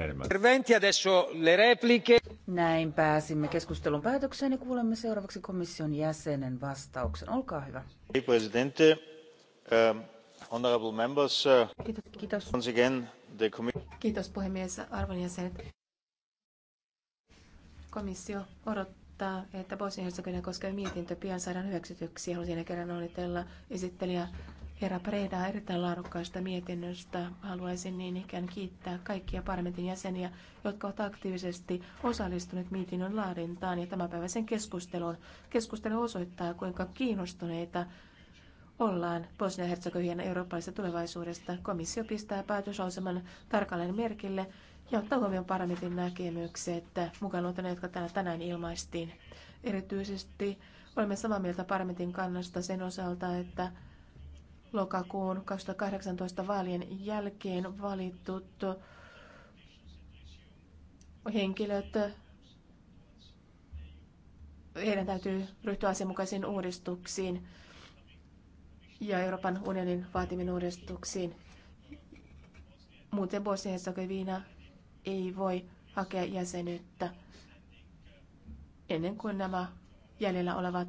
paljon enemmän. Näin pääsimme keskustelun päätökseen ja kuulemme seuraavaksi komission jäsenen vastauksen. Olkaa hyvä. Presidente, um, members, uh, kiitos, kiitos. Once again, the kiitos puhemies, arvon jäsenet. Komissio odottaa, että Bosnia-Herzegovina koskeva mietintö pian saadaan hyväksytyksi. Haluaisin kerran onnitella esittelijä herra Preda erittäin laadukkaista mietinnöstä. Haluaisin niin ikään kiittää kaikkia parlamentin jäseniä, jotka ovat aktiivisesti osallistuneet mietinnön laadintaan ja tämänpäiväisen keskusteluun. Keskustelu osoittaa, kuinka kiinnostuneita ollaan Bosnia-Herzegovian eurooppalaisesta tulevaisuudesta. Komissio pistää päätösauseman tarkalleen merkille ja ottaa huomioon parlamentin näkemykset, mukaan luotan, jotka tänään, tänään ilmaistiin. Erityisesti olemme samaa mieltä parlamentin kannasta sen osalta, että lokakuun 2018 vaalien jälkeen valitut henkilöt, heidän täytyy ryhtyä asianmukaisiin uudistuksiin ja Euroopan unionin vaatimiin uudistuksiin. Muuten Bosnia-Herzegovina ei voi hakea jäsenyyttä ennen kuin nämä jäljellä olevat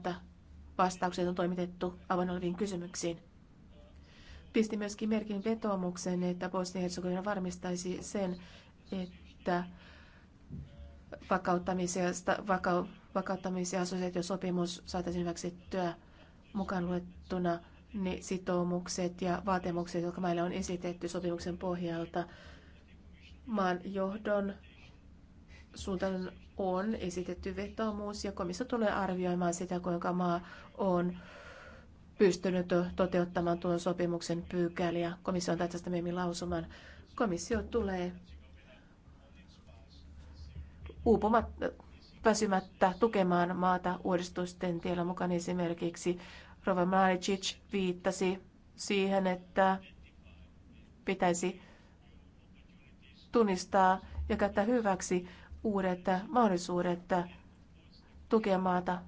vastaukset on toimitettu avoin oleviin kysymyksiin pisti myöskin merkin vetoomuksen, että Bosnia-Herzegovina varmistaisi sen, että vakauttamis- ja, sta, saataisiin hyväksyttyä mukaan luettuna ne sitoumukset ja vaatimukset, jotka meille on esitetty sopimuksen pohjalta. Maan johdon suuntaan on esitetty vetoomus ja komissio tulee arvioimaan sitä, kuinka maa on pystynyt toteuttamaan tuon sopimuksen pykäliä. Komissio on tästä meidän lausuman. Komissio tulee uupumatta, väsymättä tukemaan maata uudistusten tiellä mukaan esimerkiksi Rova Malicic viittasi siihen, että pitäisi tunnistaa ja käyttää hyväksi uudet mahdollisuudet tukea maata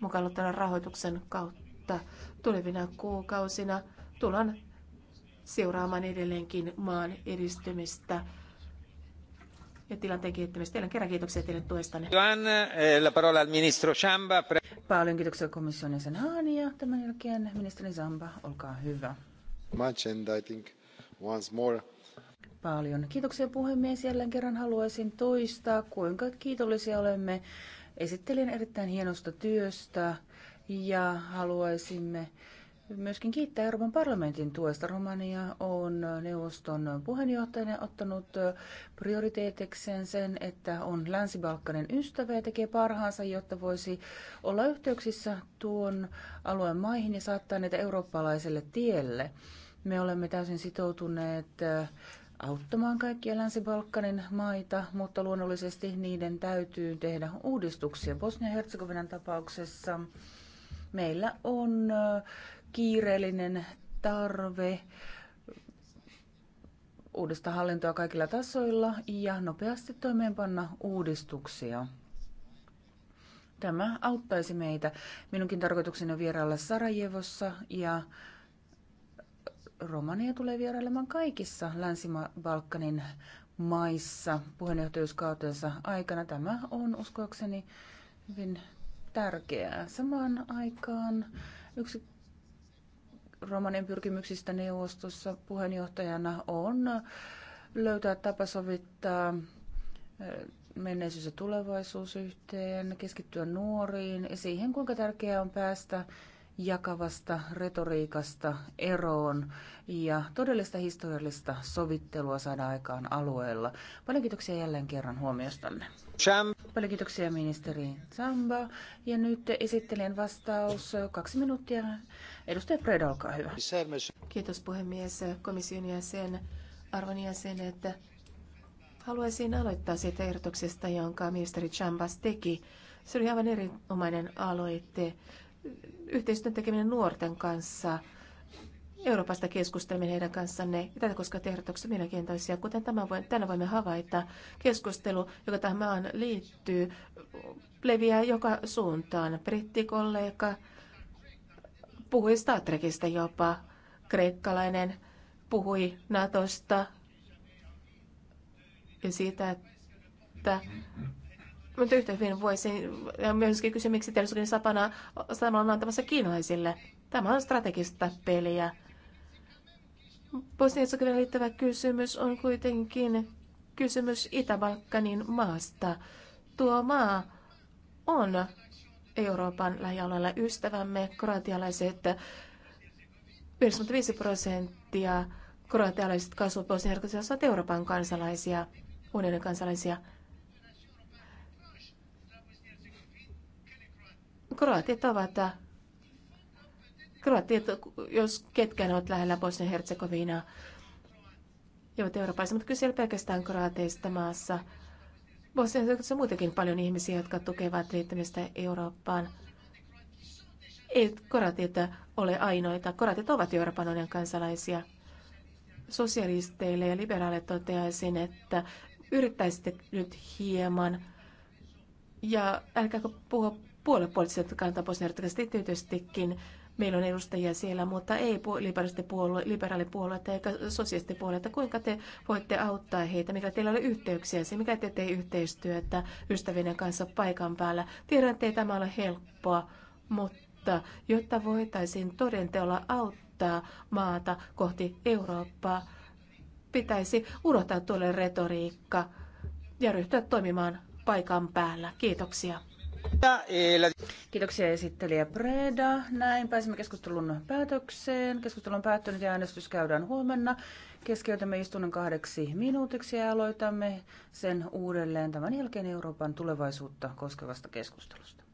mukaan rahoituksen kautta mutta Tulevina kuukausina tullaan seuraamaan edelleenkin maan edistymistä ja tilanteen kehittämistä. Teillä kerran kiitoksia teille tuestanne. Eh, la parola al ministro Chamba. Paljon kiitoksia komission jäsen Haani ja tämän jälkeen ministeri Zamba, olkaa hyvä. Much and I think once more paljon. Kiitoksia puhemies. Jälleen kerran haluaisin toistaa, kuinka kiitollisia olemme esittelijän erittäin hienosta työstä ja haluaisimme myöskin kiittää Euroopan parlamentin tuesta. Romania on neuvoston puheenjohtajana ottanut prioriteetikseen sen, että on Länsi-Balkanin ystävä ja tekee parhaansa, jotta voisi olla yhteyksissä tuon alueen maihin ja saattaa niitä eurooppalaiselle tielle. Me olemme täysin sitoutuneet äh, auttamaan kaikkia Länsi-Balkanin maita, mutta luonnollisesti niiden täytyy tehdä uudistuksia. Bosnia-Herzegovinan tapauksessa meillä on kiireellinen tarve uudesta hallintoa kaikilla tasoilla ja nopeasti toimeenpanna uudistuksia. Tämä auttaisi meitä. Minunkin tarkoitukseni on vierailla Sarajevossa ja Romania tulee vierailemaan kaikissa Länsi-Balkanin maissa puheenjohtajuuskautensa aikana. Tämä on uskoakseni hyvin tärkeää. Samaan aikaan yksi Romanin pyrkimyksistä neuvostossa puheenjohtajana on löytää tapa sovittaa eh, menneisyys ja tulevaisuus yhteen, keskittyä nuoriin ja siihen, kuinka tärkeää on päästä jakavasta retoriikasta eroon ja todellista historiallista sovittelua saada aikaan alueella. Paljon kiitoksia jälleen kerran huomiostanne. Cham. Paljon kiitoksia ministeri Samba. Ja nyt esittelen vastaus. Kaksi minuuttia. Edustaja Preda, olkaa hyvä. Kiitos puhemies, komission jäsen, arvon jäsen, että haluaisin aloittaa siitä ehdotuksesta, jonka ministeri Chambas teki. Se oli aivan erinomainen aloite. Yhteistyön tekeminen nuorten kanssa – Euroopasta keskustelemme heidän kanssanne. Tätä koskevat ehdotukset mielenkiintoisia. Kuten tämän voi, tänä voimme havaita, keskustelu, joka tähän maan liittyy, leviää joka suuntaan. Brittikollega puhui Star Trekistä jopa. Kreikkalainen puhui Natosta ja siitä, että mutta yhtä hyvin voisin, ja myöskin kysyä, miksi teollisuuden sapana sanoa antamassa kiinalaisille. Tämä on strategista peliä. Bosnia-Herzegovinan kysymys on kuitenkin kysymys Itä-Balkanin maasta. Tuo maa on Euroopan lähialueella ystävämme, kroatialaiset 95 prosenttia kroatialaiset kasvot Bosnia-Herzegovinassa ovat Euroopan kansalaisia, unionin kansalaisia. Kroatit ovat Kroatiat, jos ketkään ovat lähellä Bosnia-Herzegovinaa, joo, ovat Euroopassa, mutta kyse ei ole pelkästään kroateista maassa. Bosnia-Herzegovissa on muutenkin paljon ihmisiä, jotka tukevat liittymistä Eurooppaan. Ei kroatit ole ainoita. Kroatit ovat Euroopan unionin kansalaisia. Sosialisteille ja liberaaleille toteaisin, että yrittäisitte nyt hieman ja älkääkö puhua puolipuolisesti kannattaa bosnia herzegovina tietystikin Meillä on edustajia siellä, mutta ei liberaalipuolue, liberaalipuoluetta eikä sosialistipuoluetta. Kuinka te voitte auttaa heitä, mikä teillä ei yhteyksiä, se mikä te tee yhteistyötä ystävien kanssa paikan päällä. Tiedän, että ei tämä ole helppoa, mutta jotta voitaisiin todenteolla auttaa maata kohti Eurooppaa, pitäisi urota tuolle retoriikka ja ryhtyä toimimaan paikan päällä. Kiitoksia. Kiitoksia esittelijä Preda. Näin pääsimme keskustelun päätökseen. Keskustelu on päättynyt ja äänestys käydään huomenna. Keskeytämme istunnon kahdeksi minuutiksi ja aloitamme sen uudelleen tämän jälkeen Euroopan tulevaisuutta koskevasta keskustelusta.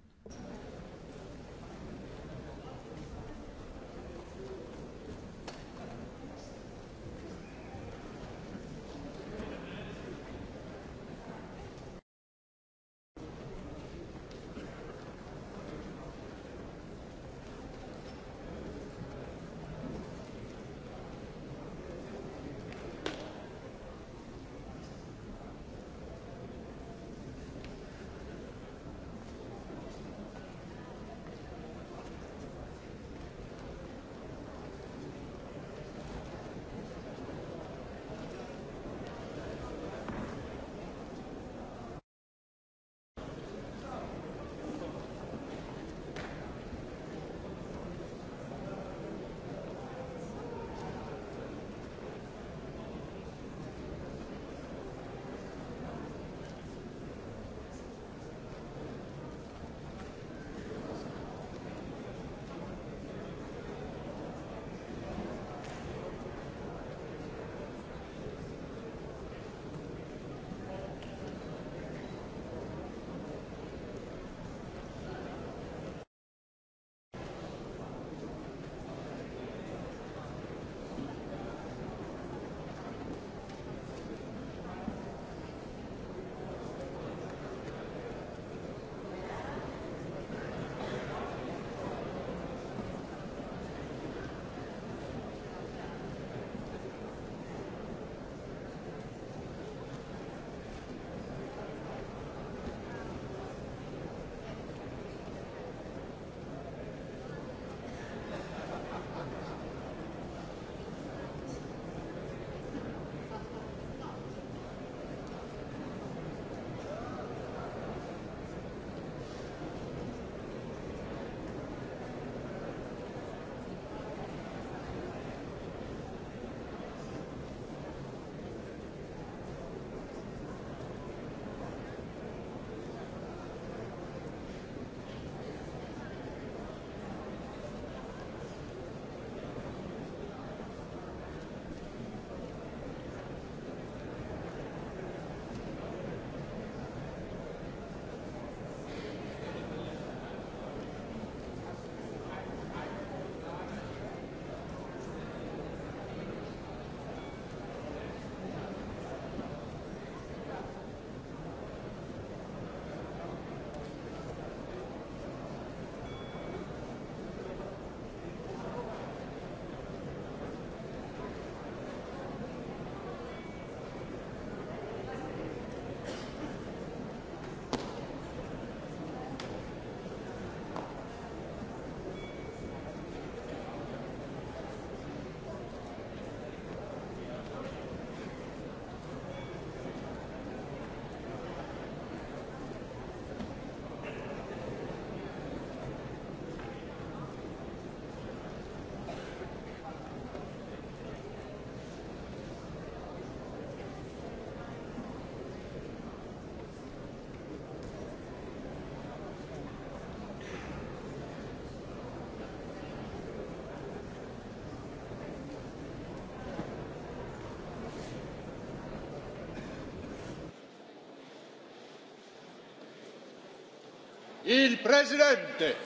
Il presidente.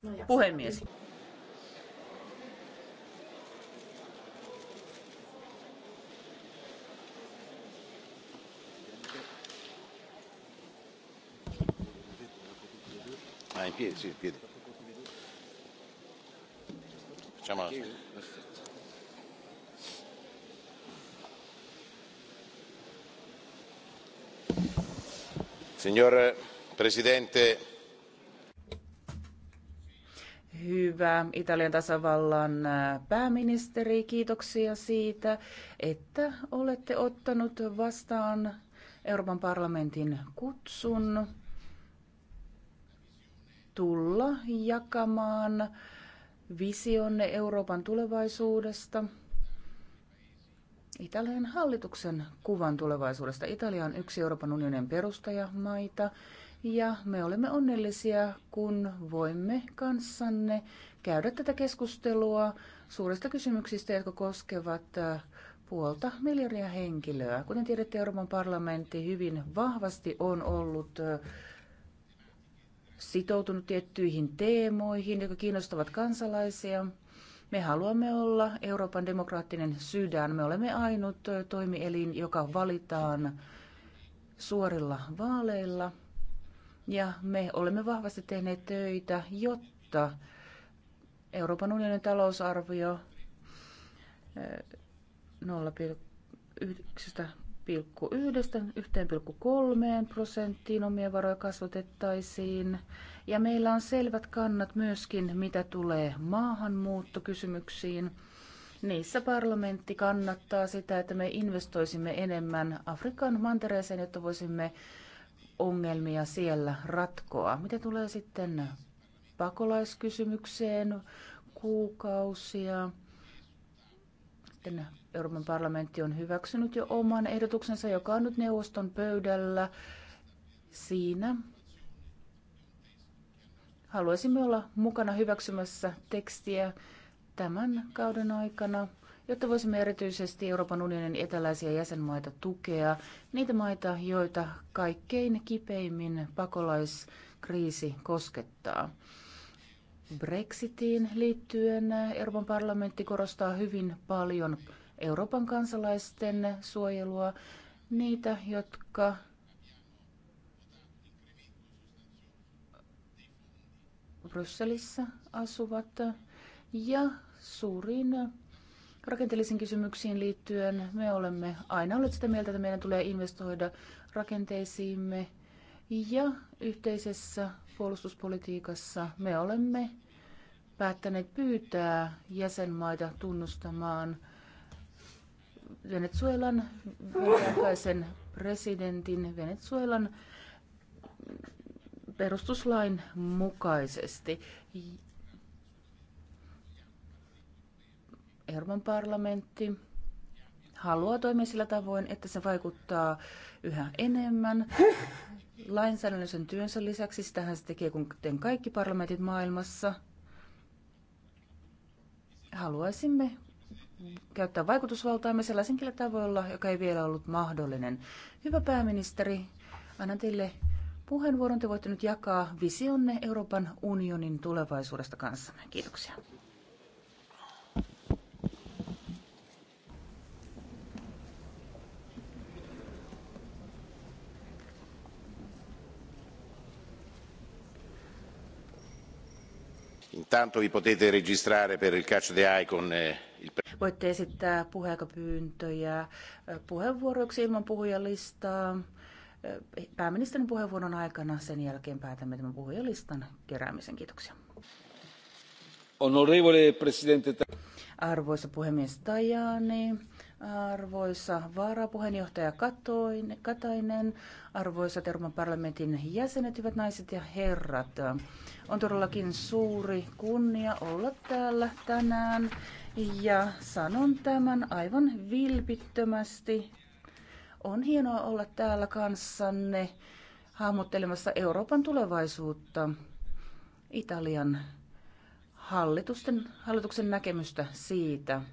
No, Puhemies. Ah, in piedi, sì, in piedi. Facciamo la... Signor Presidente, hyvä Italian tasavallan pääministeri. Kiitoksia siitä, että olette ottanut vastaan Euroopan parlamentin kutsun tulla jakamaan visionne Euroopan tulevaisuudesta. Italian hallituksen kuvan tulevaisuudesta. Italia on yksi Euroopan unionin perustajamaita ja me olemme onnellisia, kun voimme kanssanne käydä tätä keskustelua suurista kysymyksistä, jotka koskevat äh, puolta miljardia henkilöä. Kuten tiedätte, Euroopan parlamentti hyvin vahvasti on ollut äh, sitoutunut tiettyihin teemoihin, jotka kiinnostavat kansalaisia. Me haluamme olla Euroopan demokraattinen sydän. Me olemme ainut äh, toimielin, joka valitaan suorilla vaaleilla. Ja me olemme vahvasti tehneet töitä, jotta Euroopan unionin talousarvio 01 eh, 1,3 prosenttiin omia varoja kasvatettaisiin. Ja meillä on selvät kannat myöskin, mitä tulee maahanmuuttokysymyksiin. Niissä parlamentti kannattaa sitä, että me investoisimme enemmän Afrikan mantereeseen, jotta voisimme ongelmia siellä ratkoa. Mitä tulee sitten pakolaiskysymykseen kuukausia. Sitten Euroopan parlamentti on hyväksynyt jo oman ehdotuksensa, joka on nyt neuvoston pöydällä. Siinä haluaisimme olla mukana hyväksymässä tekstiä tämän kauden aikana, jotta voisimme erityisesti Euroopan unionin eteläisiä jäsenmaita tukea, niitä maita, joita kaikkein kipeimmin pakolaiskriisi koskettaa. Brexitiin liittyen Euroopan parlamentti korostaa hyvin paljon Euroopan kansalaisten suojelua, niitä, jotka Brysselissä asuvat ja suurin rakenteellisiin kysymyksiin liittyen me olemme aina olleet sitä mieltä, että meidän tulee investoida rakenteisiimme ja yhteisessä puolustuspolitiikassa me olemme päättäneet pyytää jäsenmaita tunnustamaan Venezuelan viimeaikaisen presidentin Venezuelan perustuslain mukaisesti. Euroopan parlamentti haluaa toimia sillä tavoin, että se vaikuttaa yhä enemmän lainsäädännöllisen työnsä lisäksi, sitähän se tekee kuten kaikki parlamentit maailmassa, haluaisimme käyttää vaikutusvaltaamme sellaisenkin tavoilla, joka ei vielä ollut mahdollinen. Hyvä pääministeri, annan teille puheenvuoron. Te voitte nyt jakaa visionne Euroopan unionin tulevaisuudesta kanssamme. Kiitoksia. Intanto vi potete registrare per il catch the eye con eh, il... Voitte esittää puheenjohtajapyyntöjä eh, puheenvuoroiksi ilman puhujalistaa. Eh, pääministerin puheenvuoron aikana sen jälkeen päätämme tämän puhujalistan keräämisen. Kiitoksia. Onorevole presidente... Arvoisa puhemies Tajani, Arvoisa varapuheenjohtaja Katainen, arvoisa Euroopan parlamentin jäsenet, hyvät naiset ja herrat. On todellakin suuri kunnia olla täällä tänään ja sanon tämän aivan vilpittömästi. On hienoa olla täällä kanssanne hahmottelemassa Euroopan tulevaisuutta, Italian hallitusten, hallituksen näkemystä siitä –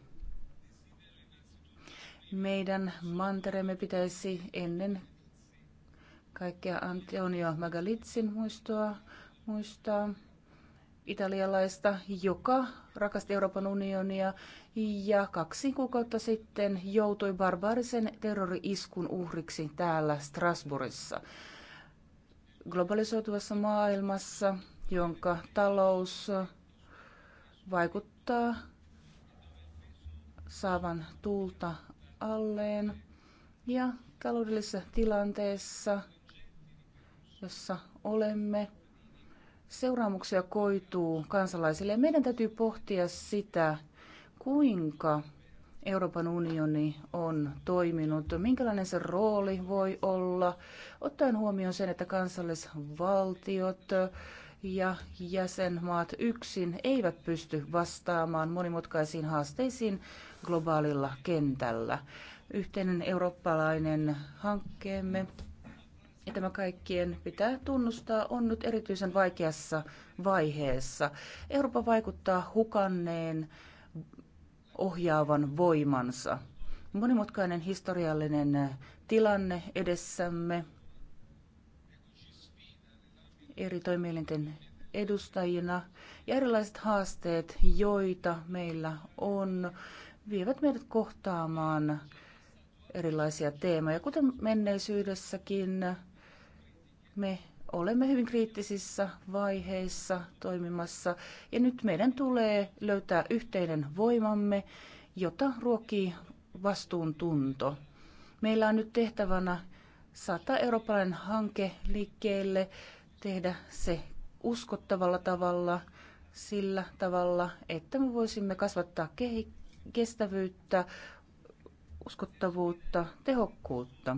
meidän mantereemme pitäisi ennen kaikkea Antonio Magalitsin muistoa muistaa italialaista, joka rakasti Euroopan unionia ja kaksi kuukautta sitten joutui barbaarisen terrori-iskun uhriksi täällä Strasbourgissa. Globalisoituvassa maailmassa, jonka talous vaikuttaa saavan tuulta alleen. Ja taloudellisessa tilanteessa, jossa olemme, seuraamuksia koituu kansalaisille. Meidän täytyy pohtia sitä, kuinka Euroopan unioni on toiminut, minkälainen se rooli voi olla, ottaen huomioon sen, että kansallisvaltiot ja jäsenmaat yksin eivät pysty vastaamaan monimutkaisiin haasteisiin globaalilla kentällä. Yhteinen eurooppalainen hankkeemme ja tämä kaikkien pitää tunnustaa on nyt erityisen vaikeassa vaiheessa. Eurooppa vaikuttaa hukanneen ohjaavan voimansa. Monimutkainen historiallinen tilanne edessämme eri toimielinten edustajina ja erilaiset haasteet, joita meillä on, vievät meidät kohtaamaan erilaisia teemoja. Kuten menneisyydessäkin, me olemme hyvin kriittisissä vaiheissa toimimassa ja nyt meidän tulee löytää yhteinen voimamme, jota ruokkii vastuuntunto. Meillä on nyt tehtävänä saattaa eurooppalainen hanke liikkeelle tehdä se uskottavalla tavalla, sillä tavalla, että me voisimme kasvattaa kestävyyttä, uskottavuutta, tehokkuutta.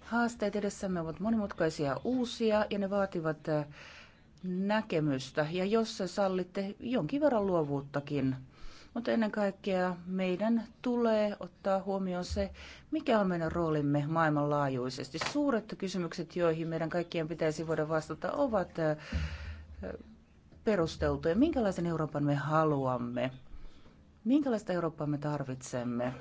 Haasteet edessämme ovat monimutkaisia uusia ja ne vaativat eh, näkemystä ja jos sallitte jonkin verran luovuuttakin mutta ennen kaikkea meidän tulee ottaa huomioon se, mikä on meidän roolimme maailmanlaajuisesti. Suuret kysymykset, joihin meidän kaikkien pitäisi voida vastata, ovat perusteltuja. Minkälaisen Euroopan me haluamme? Minkälaista Eurooppaa me tarvitsemme?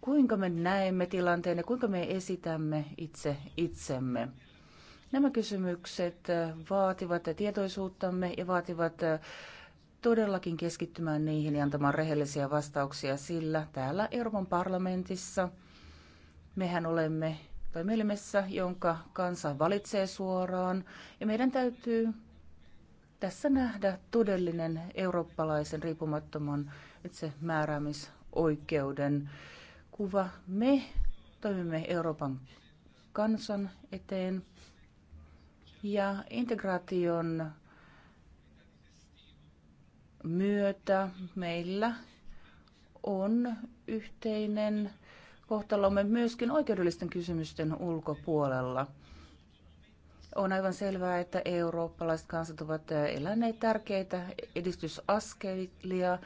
Kuinka me näemme tilanteen ja kuinka me esitämme itse itsemme? Nämä kysymykset vaativat tietoisuuttamme ja vaativat todellakin keskittymään niihin ja antamaan rehellisiä vastauksia, sillä täällä Euroopan parlamentissa mehän olemme toimielimessä, jonka kansa valitsee suoraan, ja meidän täytyy tässä nähdä todellinen eurooppalaisen riippumattoman määräämisoikeuden kuva. Me toimimme Euroopan kansan eteen ja integraation myötä meillä on yhteinen kohtalomme myöskin oikeudellisten kysymysten ulkopuolella. On aivan selvää, että eurooppalaiset kansat ovat eläneet tärkeitä edistysaskelia.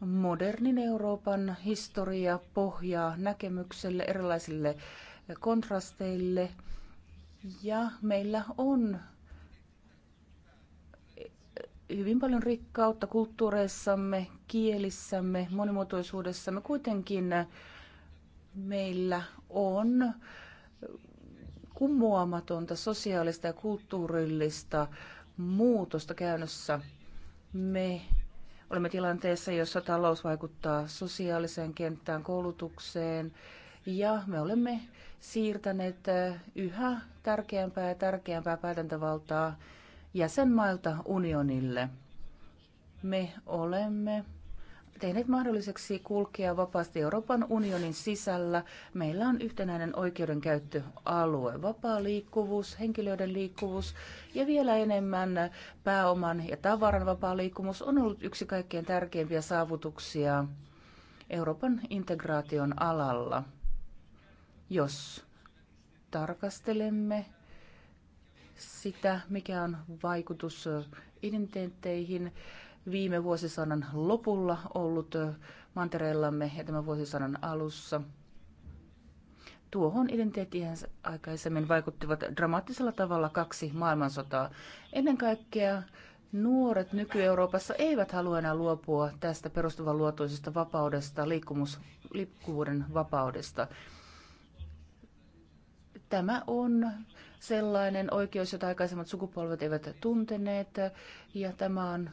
Modernin Euroopan historia pohjaa näkemykselle, erilaisille kontrasteille. Ja meillä on hyvin paljon rikkautta kulttuureissamme, kielissämme, monimuotoisuudessamme. Kuitenkin meillä on kummoamatonta sosiaalista ja kulttuurillista muutosta käynnissä. Me olemme tilanteessa, jossa talous vaikuttaa sosiaaliseen kenttään, koulutukseen ja me olemme siirtäneet yhä tärkeämpää ja tärkeämpää päätäntävaltaa jäsenmailta unionille. Me olemme tehneet mahdolliseksi kulkea vapaasti Euroopan unionin sisällä. Meillä on yhtenäinen oikeudenkäyttöalue, vapaa liikkuvuus, henkilöiden liikkuvuus ja vielä enemmän pääoman ja tavaran vapaa liikkuvuus on ollut yksi kaikkein tärkeimpiä saavutuksia Euroopan integraation alalla. Jos tarkastelemme sitä, mikä on vaikutus identiteetteihin viime vuosisadan lopulla ollut mantereellamme ja tämän vuosisadan alussa. Tuohon identiteettiin aikaisemmin vaikuttivat dramaattisella tavalla kaksi maailmansotaa. Ennen kaikkea nuoret nyky-Euroopassa eivät halua enää luopua tästä luotuisesta vapaudesta, liikkumus, liikkuvuuden vapaudesta. Tämä on sellainen oikeus, jota aikaisemmat sukupolvet eivät tunteneet, ja tämä on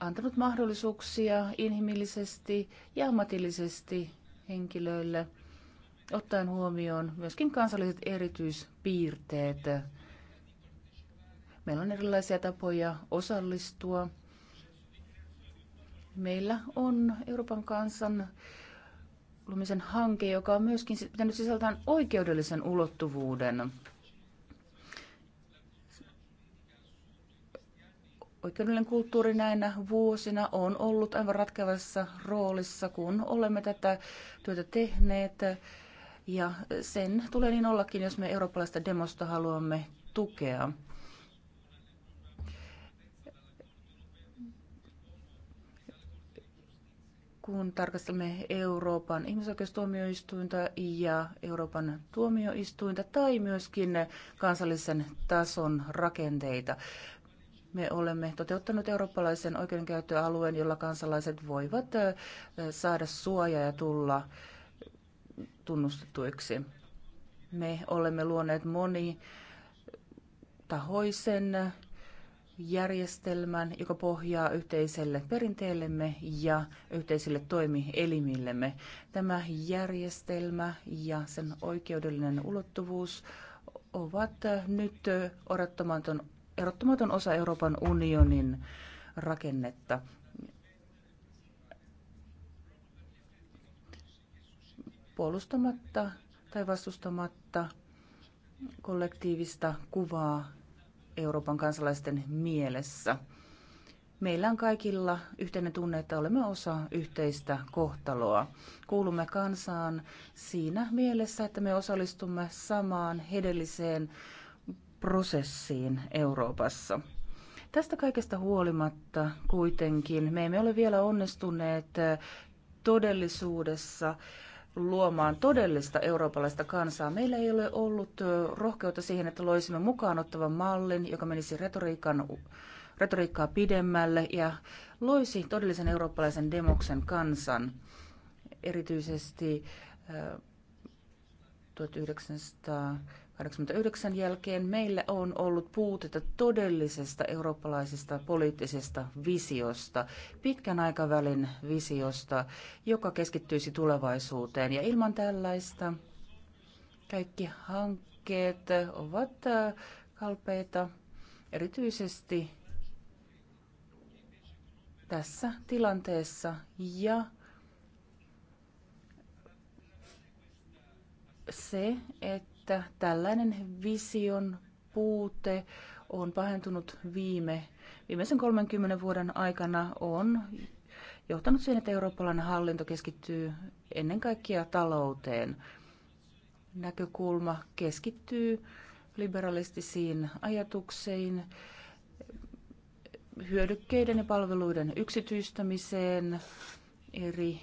antanut mahdollisuuksia inhimillisesti ja ammatillisesti henkilöille, ottaen huomioon myöskin kansalliset erityispiirteet. Meillä on erilaisia tapoja osallistua. Meillä on Euroopan kansan lumisen hanke, joka on myöskin pitänyt sisältään oikeudellisen ulottuvuuden. oikeudellinen kulttuuri näinä vuosina on ollut aivan ratkevassa roolissa, kun olemme tätä työtä tehneet. Ja sen tulee niin ollakin, jos me eurooppalaista demosta haluamme tukea. kun tarkastelemme Euroopan ihmisoikeustuomioistuinta ja Euroopan tuomioistuinta tai myöskin kansallisen tason rakenteita me olemme toteuttaneet eurooppalaisen oikeudenkäyttöalueen, jolla kansalaiset voivat saada suojaa ja tulla tunnustetuiksi. Me olemme luoneet moni tahoisen järjestelmän, joka pohjaa yhteiselle perinteellemme ja yhteisille toimielimillemme. Tämä järjestelmä ja sen oikeudellinen ulottuvuus ovat nyt odottamaton erottamaton osa Euroopan unionin rakennetta. Puolustamatta tai vastustamatta kollektiivista kuvaa Euroopan kansalaisten mielessä. Meillä on kaikilla yhteinen tunne, että olemme osa yhteistä kohtaloa. Kuulumme kansaan siinä mielessä, että me osallistumme samaan hedelliseen prosessiin Euroopassa. Tästä kaikesta huolimatta kuitenkin me emme ole vielä onnistuneet äh, todellisuudessa luomaan todellista eurooppalaista kansaa. Meillä ei ole ollut äh, rohkeutta siihen, että loisimme mukaan ottavan mallin, joka menisi retoriikan, retoriikkaa pidemmälle ja loisi todellisen eurooppalaisen demoksen kansan. Erityisesti 1900 äh, 89 jälkeen meillä on ollut puutetta todellisesta eurooppalaisesta poliittisesta visiosta, pitkän aikavälin visiosta, joka keskittyisi tulevaisuuteen. Ja ilman tällaista kaikki hankkeet ovat äh, kalpeita, erityisesti tässä tilanteessa ja se, että että tällainen vision puute on pahentunut viime, viimeisen 30 vuoden aikana, on johtanut siihen, että eurooppalainen hallinto keskittyy ennen kaikkea talouteen. Näkökulma keskittyy liberalistisiin ajatuksiin, hyödykkeiden ja palveluiden yksityistämiseen, eri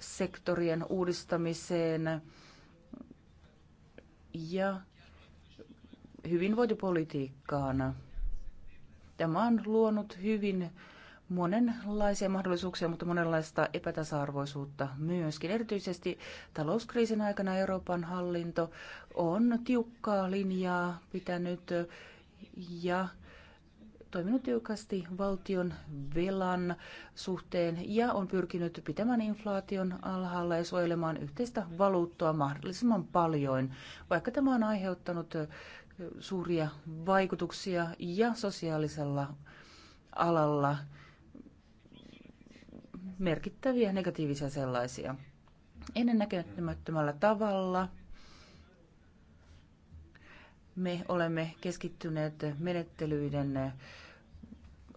sektorien uudistamiseen, ja hyvinvointipolitiikkaana. Tämä on luonut hyvin monenlaisia mahdollisuuksia, mutta monenlaista epätasa-arvoisuutta myöskin. Erityisesti talouskriisin aikana Euroopan hallinto on tiukkaa linjaa pitänyt ja toiminut tiukasti valtion velan suhteen ja on pyrkinyt pitämään inflaation alhaalla ja suojelemaan yhteistä valuuttoa mahdollisimman paljon, vaikka tämä on aiheuttanut suuria vaikutuksia ja sosiaalisella alalla merkittäviä negatiivisia sellaisia. Ennennäkemättömällä tavalla – me olemme keskittyneet menettelyiden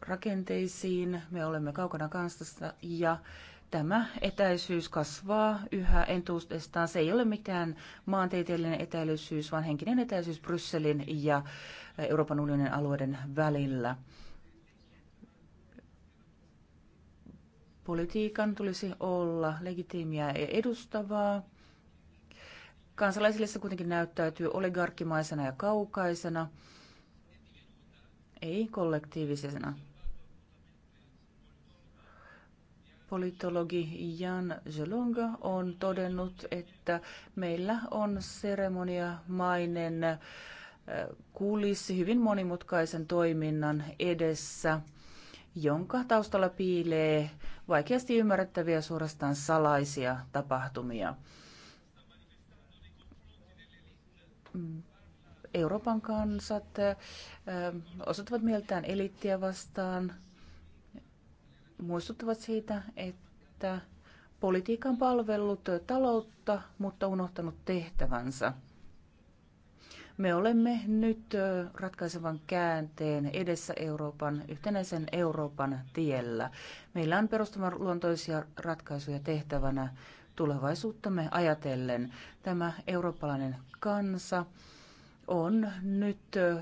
rakenteisiin, me olemme kaukana kansasta ja tämä etäisyys kasvaa yhä entuudestaan. Se ei ole mikään maantieteellinen etäisyys, vaan henkinen etäisyys Brysselin ja Euroopan unionin alueiden välillä. Politiikan tulisi olla legitiimiä ja edustavaa Kansalaisille se kuitenkin näyttäytyy oligarkkimaisena ja kaukaisena, ei kollektiivisena. Politologi Jan Zelonga on todennut, että meillä on seremoniamainen äh, kulissi hyvin monimutkaisen toiminnan edessä, jonka taustalla piilee vaikeasti ymmärrettäviä suorastaan salaisia tapahtumia. Euroopan kansat osoittavat mieltään eliittiä vastaan, muistuttavat siitä, että politiikan palvellut taloutta, mutta unohtanut tehtävänsä. Me olemme nyt ratkaisevan käänteen edessä Euroopan, yhtenäisen Euroopan tiellä. Meillä on perustavan luontoisia ratkaisuja tehtävänä tulevaisuuttamme ajatellen. Tämä eurooppalainen kansa on nyt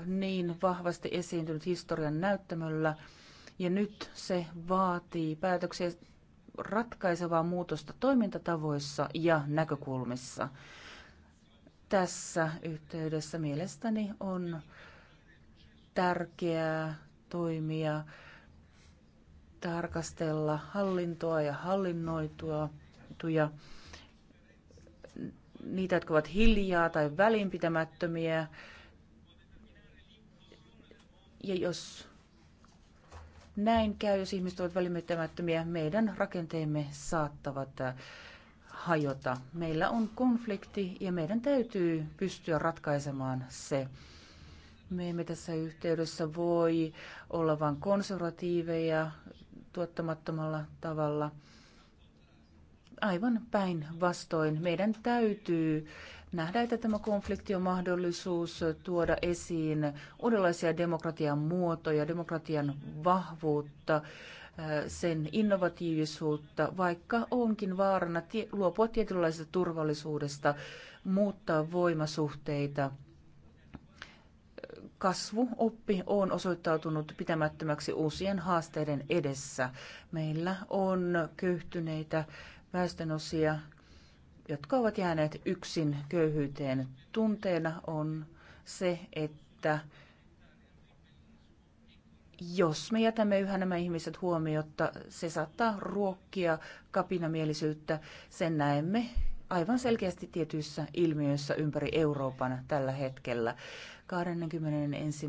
niin vahvasti esiintynyt historian näyttämöllä, ja nyt se vaatii päätöksiä ratkaisevaa muutosta toimintatavoissa ja näkökulmissa. Tässä yhteydessä mielestäni on tärkeää toimia, tarkastella hallintoa ja hallinnoitua tunnettuja, niitä, jotka ovat hiljaa tai välinpitämättömiä. Ja jos näin käy, jos ihmiset ovat välinpitämättömiä, meidän rakenteemme saattavat äh, hajota. Meillä on konflikti ja meidän täytyy pystyä ratkaisemaan se. Me emme tässä yhteydessä voi olla vain konservatiiveja tuottamattomalla tavalla – Aivan päin vastoin. Meidän täytyy nähdä, että tämä konflikti on mahdollisuus tuoda esiin uudenlaisia demokratian muotoja, demokratian vahvuutta, sen innovatiivisuutta, vaikka onkin vaarana luopua tietynlaisesta turvallisuudesta, muuttaa voimasuhteita. Kasvuoppi on osoittautunut pitämättömäksi uusien haasteiden edessä. Meillä on köyhtyneitä väestönosia, jotka ovat jääneet yksin köyhyyteen. Tunteena on se, että jos me jätämme yhä nämä ihmiset huomiota, se saattaa ruokkia kapinamielisyyttä. Sen näemme aivan selkeästi tietyissä ilmiöissä ympäri Euroopan tällä hetkellä. 21.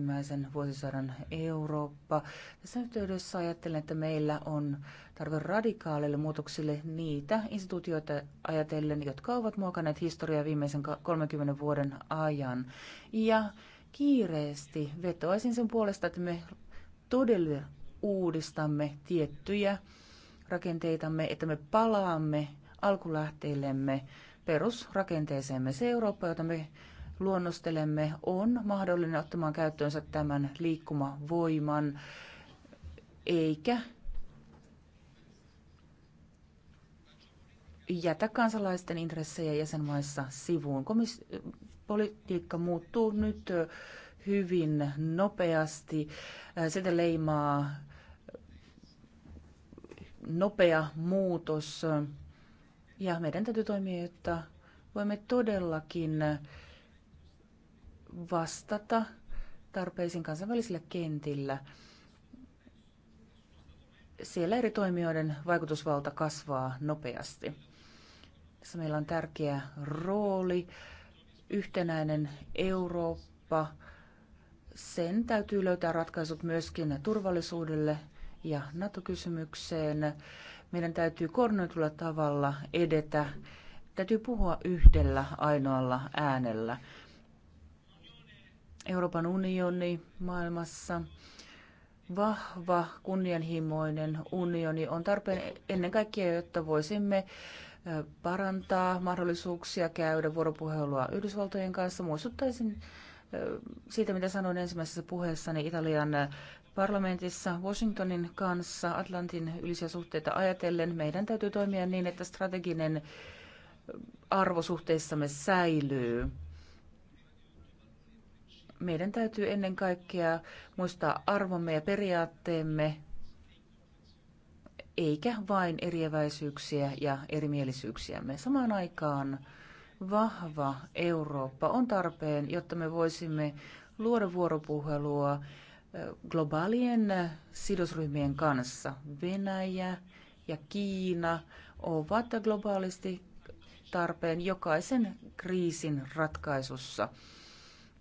vuosisadan Eurooppa. Tässä yhteydessä ajattelen, että meillä on tarve radikaaleille muutoksille niitä instituutioita ajatellen, jotka ovat muokanneet historiaa viimeisen 30 vuoden ajan. Ja kiireesti vetoaisin sen puolesta, että me todella uudistamme tiettyjä rakenteitamme, että me palaamme alkulähteillemme perusrakenteeseemme. Se Eurooppa, jota me luonnostelemme, on mahdollinen ottamaan käyttöönsä tämän liikkumavoiman, eikä jätä kansalaisten intressejä jäsenmaissa sivuun. Komis- politiikka muuttuu nyt hyvin nopeasti. Sitä leimaa nopea muutos ja meidän täytyy toimia, jotta voimme todellakin vastata tarpeisiin kansainvälisillä kentillä. Siellä eri toimijoiden vaikutusvalta kasvaa nopeasti. Tässä meillä on tärkeä rooli. Yhtenäinen Eurooppa. Sen täytyy löytää ratkaisut myöskin turvallisuudelle ja NATO-kysymykseen. Meidän täytyy koordinoitulla tavalla edetä. Täytyy puhua yhdellä ainoalla äänellä. Euroopan unioni maailmassa, vahva, kunnianhimoinen unioni on tarpeen ennen kaikkea, jotta voisimme parantaa mahdollisuuksia käydä vuoropuhelua Yhdysvaltojen kanssa. Muistuttaisin siitä, mitä sanoin ensimmäisessä puheessani Italian parlamentissa Washingtonin kanssa Atlantin ylisiä suhteita ajatellen. Meidän täytyy toimia niin, että strateginen arvosuhteissamme säilyy meidän täytyy ennen kaikkea muistaa arvomme ja periaatteemme, eikä vain eriäväisyyksiä ja erimielisyyksiämme. Samaan aikaan vahva Eurooppa on tarpeen, jotta me voisimme luoda vuoropuhelua eh, globaalien sidosryhmien kanssa. Venäjä ja Kiina ovat globaalisti tarpeen jokaisen kriisin ratkaisussa.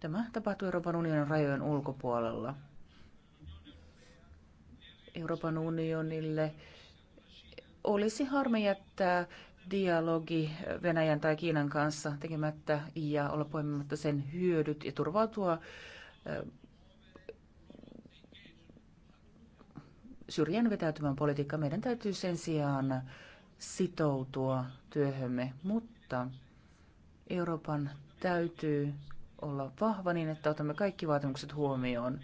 Tämä tapahtui Euroopan unionin rajojen ulkopuolella. Euroopan unionille olisi harmi jättää dialogi Venäjän tai Kiinan kanssa tekemättä ja olla poimimatta sen hyödyt ja turvautua syrjään vetäytymään politiikka. Meidän täytyy sen sijaan sitoutua työhömme, mutta Euroopan täytyy olla vahva niin, että otamme kaikki vaatimukset huomioon.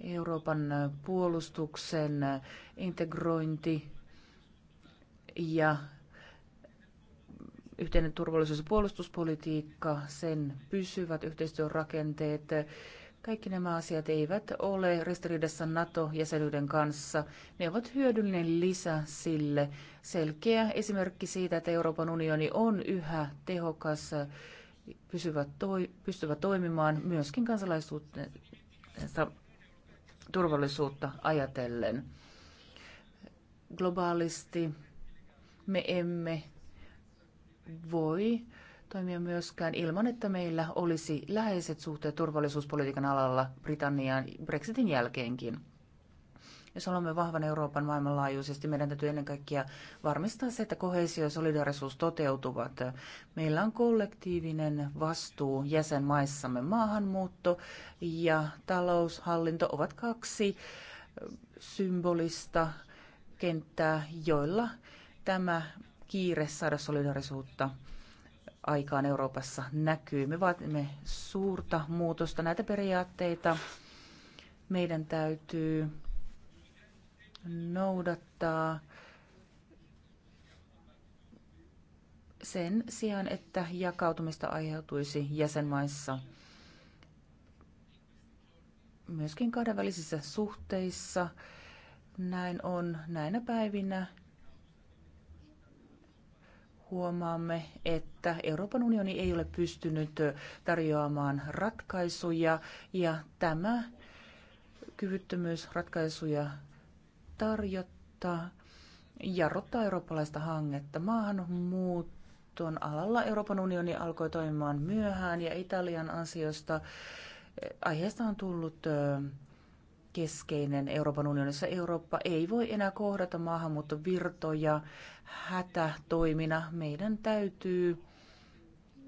Euroopan puolustuksen integrointi ja yhteinen turvallisuus- ja puolustuspolitiikka, sen pysyvät yhteistyön rakenteet, kaikki nämä asiat eivät ole ristiriidassa NATO-jäsenyyden kanssa. Ne ovat hyödyllinen lisä sille. Selkeä esimerkki siitä, että Euroopan unioni on yhä tehokas pysyvät toi, pystyvät toimimaan myöskin kansalaisuutta turvallisuutta ajatellen. Globaalisti me emme voi toimia myöskään ilman, että meillä olisi läheiset suhteet turvallisuuspolitiikan alalla Britanniaan Brexitin jälkeenkin. Jos haluamme vahvan Euroopan maailmanlaajuisesti, meidän täytyy ennen kaikkea varmistaa se, että kohesio ja solidaarisuus toteutuvat. Meillä on kollektiivinen vastuu jäsenmaissamme. Maahanmuutto ja taloushallinto ovat kaksi symbolista kenttää, joilla tämä kiire saada solidarisuutta aikaan Euroopassa näkyy. Me vaatimme suurta muutosta näitä periaatteita. Meidän täytyy noudattaa sen sijaan, että jakautumista aiheutuisi jäsenmaissa. Myöskin kahdenvälisissä suhteissa näin on näinä päivinä. Huomaamme, että Euroopan unioni ei ole pystynyt tarjoamaan ratkaisuja ja tämä kyvyttömyys ratkaisuja tarjota jarruttaa eurooppalaista hanketta. Maahanmuuton alalla Euroopan unioni alkoi toimimaan myöhään ja Italian ansiosta eh, aiheesta on tullut keskeinen Euroopan unionissa. Eurooppa ei voi enää kohdata maahanmuuttovirtoja hätätoimina. Meidän täytyy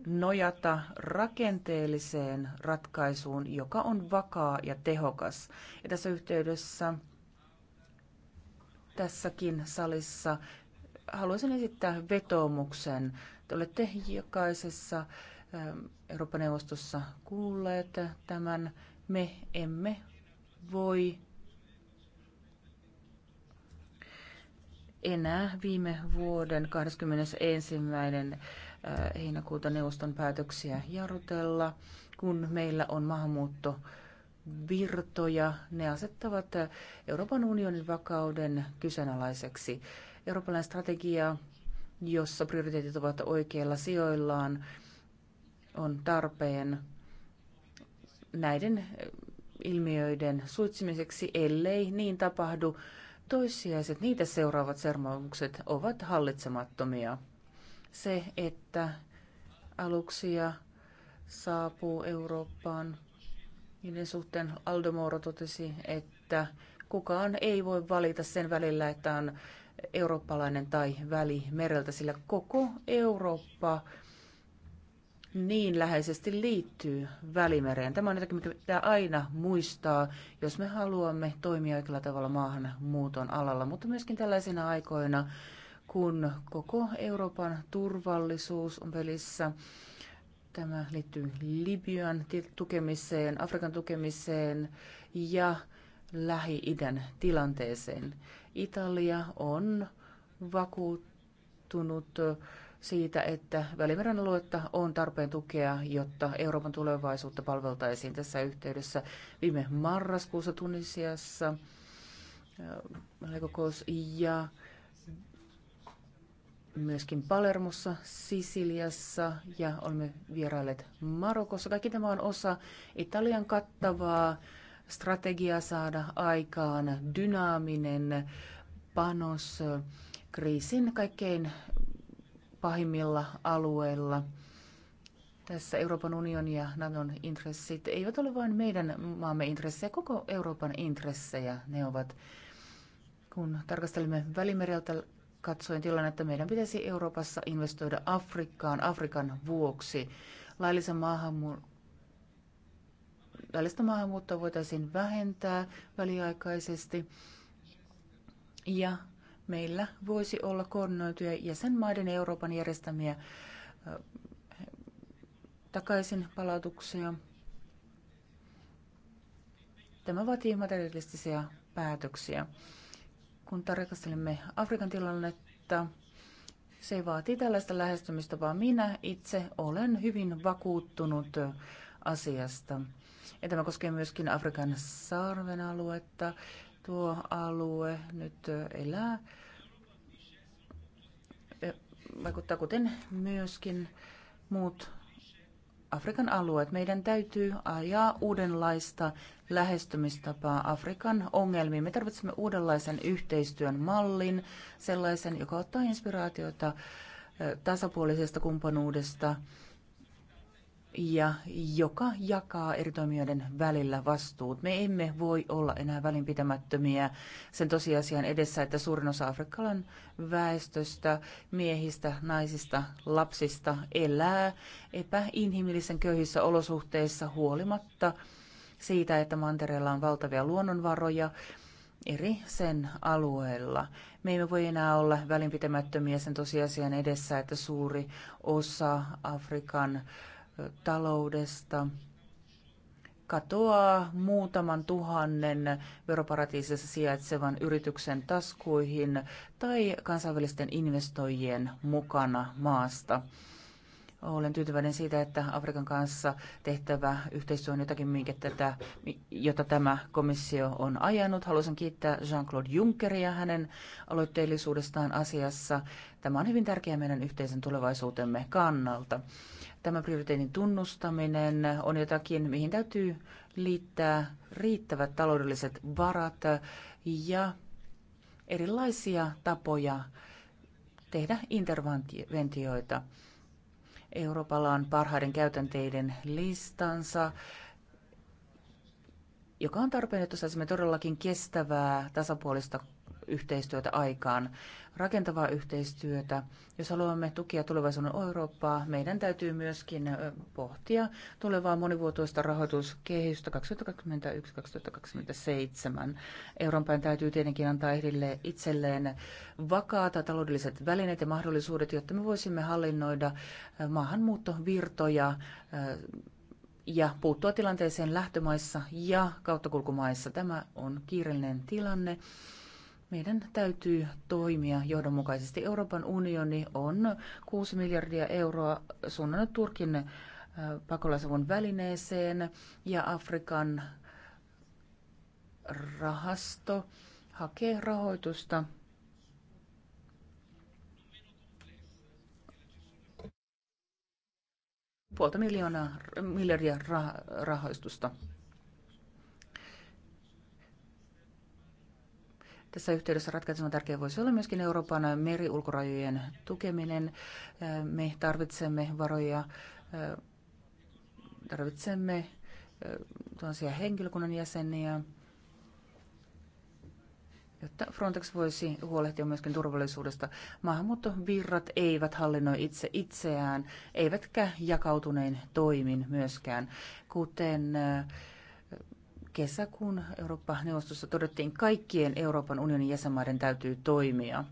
nojata rakenteelliseen ratkaisuun, joka on vakaa ja tehokas. Ja tässä yhteydessä tässäkin salissa. Haluaisin esittää vetoomuksen. Te olette jokaisessa ähm, Euroopan neuvostossa kuulleet tämän. Me emme voi enää viime vuoden 21. Äh, heinäkuuta neuvoston päätöksiä jarrutella, kun meillä on maahanmuutto virtoja. Ne asettavat Euroopan unionin vakauden kyseenalaiseksi. Eurooppalainen strategia, jossa prioriteetit ovat oikeilla sijoillaan, on tarpeen näiden ilmiöiden suitsimiseksi, ellei niin tapahdu. Toissijaiset niitä seuraavat sermaukset ovat hallitsemattomia. Se, että aluksia saapuu Eurooppaan niiden suhteen Aldo Moro totesi, että kukaan ei voi valita sen välillä, että on eurooppalainen tai välimereltä, sillä koko Eurooppa niin läheisesti liittyy Välimereen. Tämä on jotakin, mikä pitää aina muistaa, jos me haluamme toimia oikealla tavalla maahanmuuton alalla, mutta myöskin tällaisina aikoina, kun koko Euroopan turvallisuus on pelissä Tämä liittyy Libyan tukemiseen, Afrikan tukemiseen ja Lähi-idän tilanteeseen. Italia on vakuuttunut siitä, että Välimeren aluetta on tarpeen tukea, jotta Euroopan tulevaisuutta palveltaisiin tässä yhteydessä. Viime marraskuussa Tunisiassa äh, ja myöskin Palermossa, Sisiliassa ja olemme vierailleet Marokossa. Kaikki tämä on osa Italian kattavaa strategiaa saada aikaan dynaaminen panos kriisin kaikkein pahimmilla alueilla. Tässä Euroopan unionin ja Naton intressit eivät ole vain meidän maamme intressejä, koko Euroopan intressejä ne ovat. Kun tarkastelemme välimereltä Katsoin tilannetta, meidän pitäisi Euroopassa investoida Afrikkaan Afrikan vuoksi. Laillisen maahanmuuton Laillista maahanmuuttoa voitaisiin vähentää väliaikaisesti ja meillä voisi olla koordinoituja jäsenmaiden ja Euroopan järjestämiä takaisin palautuksia. Tämä vaatii materialistisia päätöksiä kun tarkastelemme Afrikan tilannetta, se vaatii tällaista lähestymistapaa. Minä itse olen hyvin vakuuttunut asiasta. Ja tämä koskee myöskin Afrikan sarven aluetta. Tuo alue nyt elää, vaikuttaa kuten myöskin muut Afrikan alueet. Meidän täytyy ajaa uudenlaista lähestymistapaa Afrikan ongelmiin. Me tarvitsemme uudenlaisen yhteistyön mallin, sellaisen, joka ottaa inspiraatiota tasapuolisesta kumppanuudesta ja joka jakaa eri toimijoiden välillä vastuut. Me emme voi olla enää välinpitämättömiä sen tosiasian edessä, että suurin osa Afrikan väestöstä, miehistä, naisista, lapsista elää epäinhimillisen köyhissä olosuhteissa huolimatta – siitä, että mantereella on valtavia luonnonvaroja eri sen alueella. Me emme voi enää olla välinpitämättömiä sen tosiasian edessä, että suuri osa Afrikan taloudesta katoaa muutaman tuhannen veroparatiisissa sijaitsevan yrityksen taskuihin tai kansainvälisten investoijien mukana maasta. Olen tyytyväinen siitä, että Afrikan kanssa tehtävä yhteistyö on jotakin, minkä tätä, jota tämä komissio on ajanut. Haluaisin kiittää Jean-Claude Junckeria hänen aloitteellisuudestaan asiassa. Tämä on hyvin tärkeää meidän yhteisen tulevaisuutemme kannalta. Tämä prioriteetin tunnustaminen on jotakin, mihin täytyy liittää riittävät taloudelliset varat ja erilaisia tapoja tehdä interventioita. Euroopalla on parhaiden käytänteiden listansa, joka on tarpeen, että saisimme todellakin kestävää tasapuolista yhteistyötä aikaan, rakentavaa yhteistyötä. Jos haluamme tukia tulevaisuuden Eurooppaa, meidän täytyy myöskin pohtia tulevaa monivuotoista rahoituskehystä 2021-2027. Euroopan täytyy tietenkin antaa ehdille itselleen vakaata taloudelliset välineet ja mahdollisuudet, jotta me voisimme hallinnoida maahanmuuttovirtoja ja puuttua tilanteeseen lähtömaissa ja kauttakulkumaissa. Tämä on kiireellinen tilanne meidän täytyy toimia johdonmukaisesti. Euroopan unioni on 6 miljardia euroa suunnannut Turkin äh, pakolaisavun välineeseen ja Afrikan rahasto hakee rahoitusta puolta miljoonaa, miljardia rah- rahoitusta. Tässä yhteydessä ratkaisevan tärkeä voisi olla myöskin Euroopan meriulkorajojen tukeminen. Me tarvitsemme varoja, tarvitsemme tuollaisia henkilökunnan jäseniä, jotta Frontex voisi huolehtia myöskin turvallisuudesta. Maahanmuuttovirrat eivät hallinnoi itse itseään, eivätkä jakautunein toimin myöskään, kuten äh, kesäkuun Eurooppa-neuvostossa todettiin, kaikkien Euroopan unionin jäsenmaiden täytyy toimia.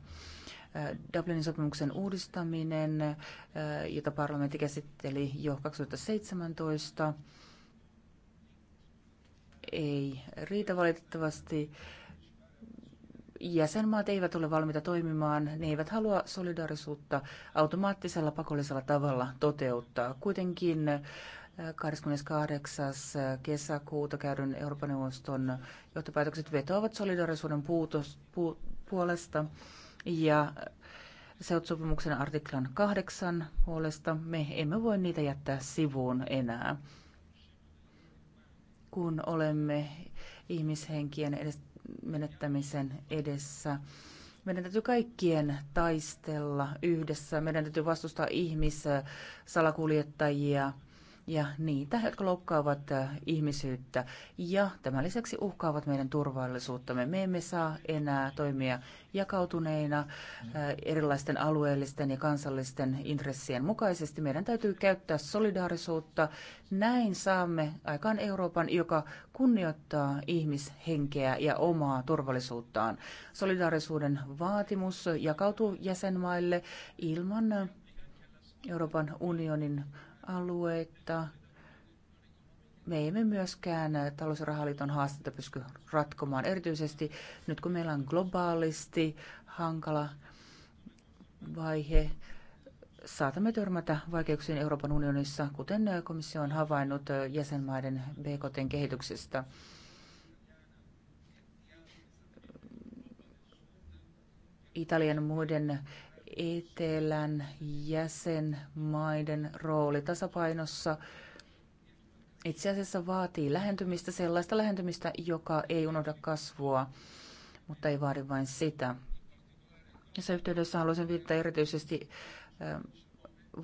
Dublinin sopimuksen uudistaminen, jota parlamentti käsitteli jo 2017, ei riitä valitettavasti. Jäsenmaat eivät ole valmiita toimimaan, ne eivät halua solidaarisuutta automaattisella pakollisella tavalla toteuttaa. Kuitenkin 28. kesäkuuta käydyn Euroopan neuvoston johtopäätökset vetoavat solidarisuuden puutos, pu, puolesta ja seutsopimuksen artiklan 8 puolesta. Me emme voi niitä jättää sivuun enää, kun olemme ihmishenkien edes, menettämisen edessä. Meidän täytyy kaikkien taistella yhdessä. Meidän täytyy vastustaa ihmissalakuljettajia ja niitä, jotka loukkaavat äh, ihmisyyttä ja tämän lisäksi uhkaavat meidän turvallisuuttamme. Me emme saa enää toimia jakautuneina äh, erilaisten alueellisten ja kansallisten intressien mukaisesti. Meidän täytyy käyttää solidaarisuutta. Näin saamme aikaan Euroopan, joka kunnioittaa ihmishenkeä ja omaa turvallisuuttaan. Solidaarisuuden vaatimus jakautuu jäsenmaille ilman Euroopan unionin alueita. Me emme myöskään talous- ja rahaliiton haastetta pysty ratkomaan, erityisesti nyt kun meillä on globaalisti hankala vaihe. Saatamme törmätä vaikeuksiin Euroopan unionissa, kuten komissio on havainnut jäsenmaiden BKTn kehityksestä. Italian muiden etelän jäsenmaiden rooli tasapainossa itse asiassa vaatii lähentymistä, sellaista lähentymistä, joka ei unohda kasvua, mutta ei vaadi vain sitä. Tässä yhteydessä haluaisin viittaa erityisesti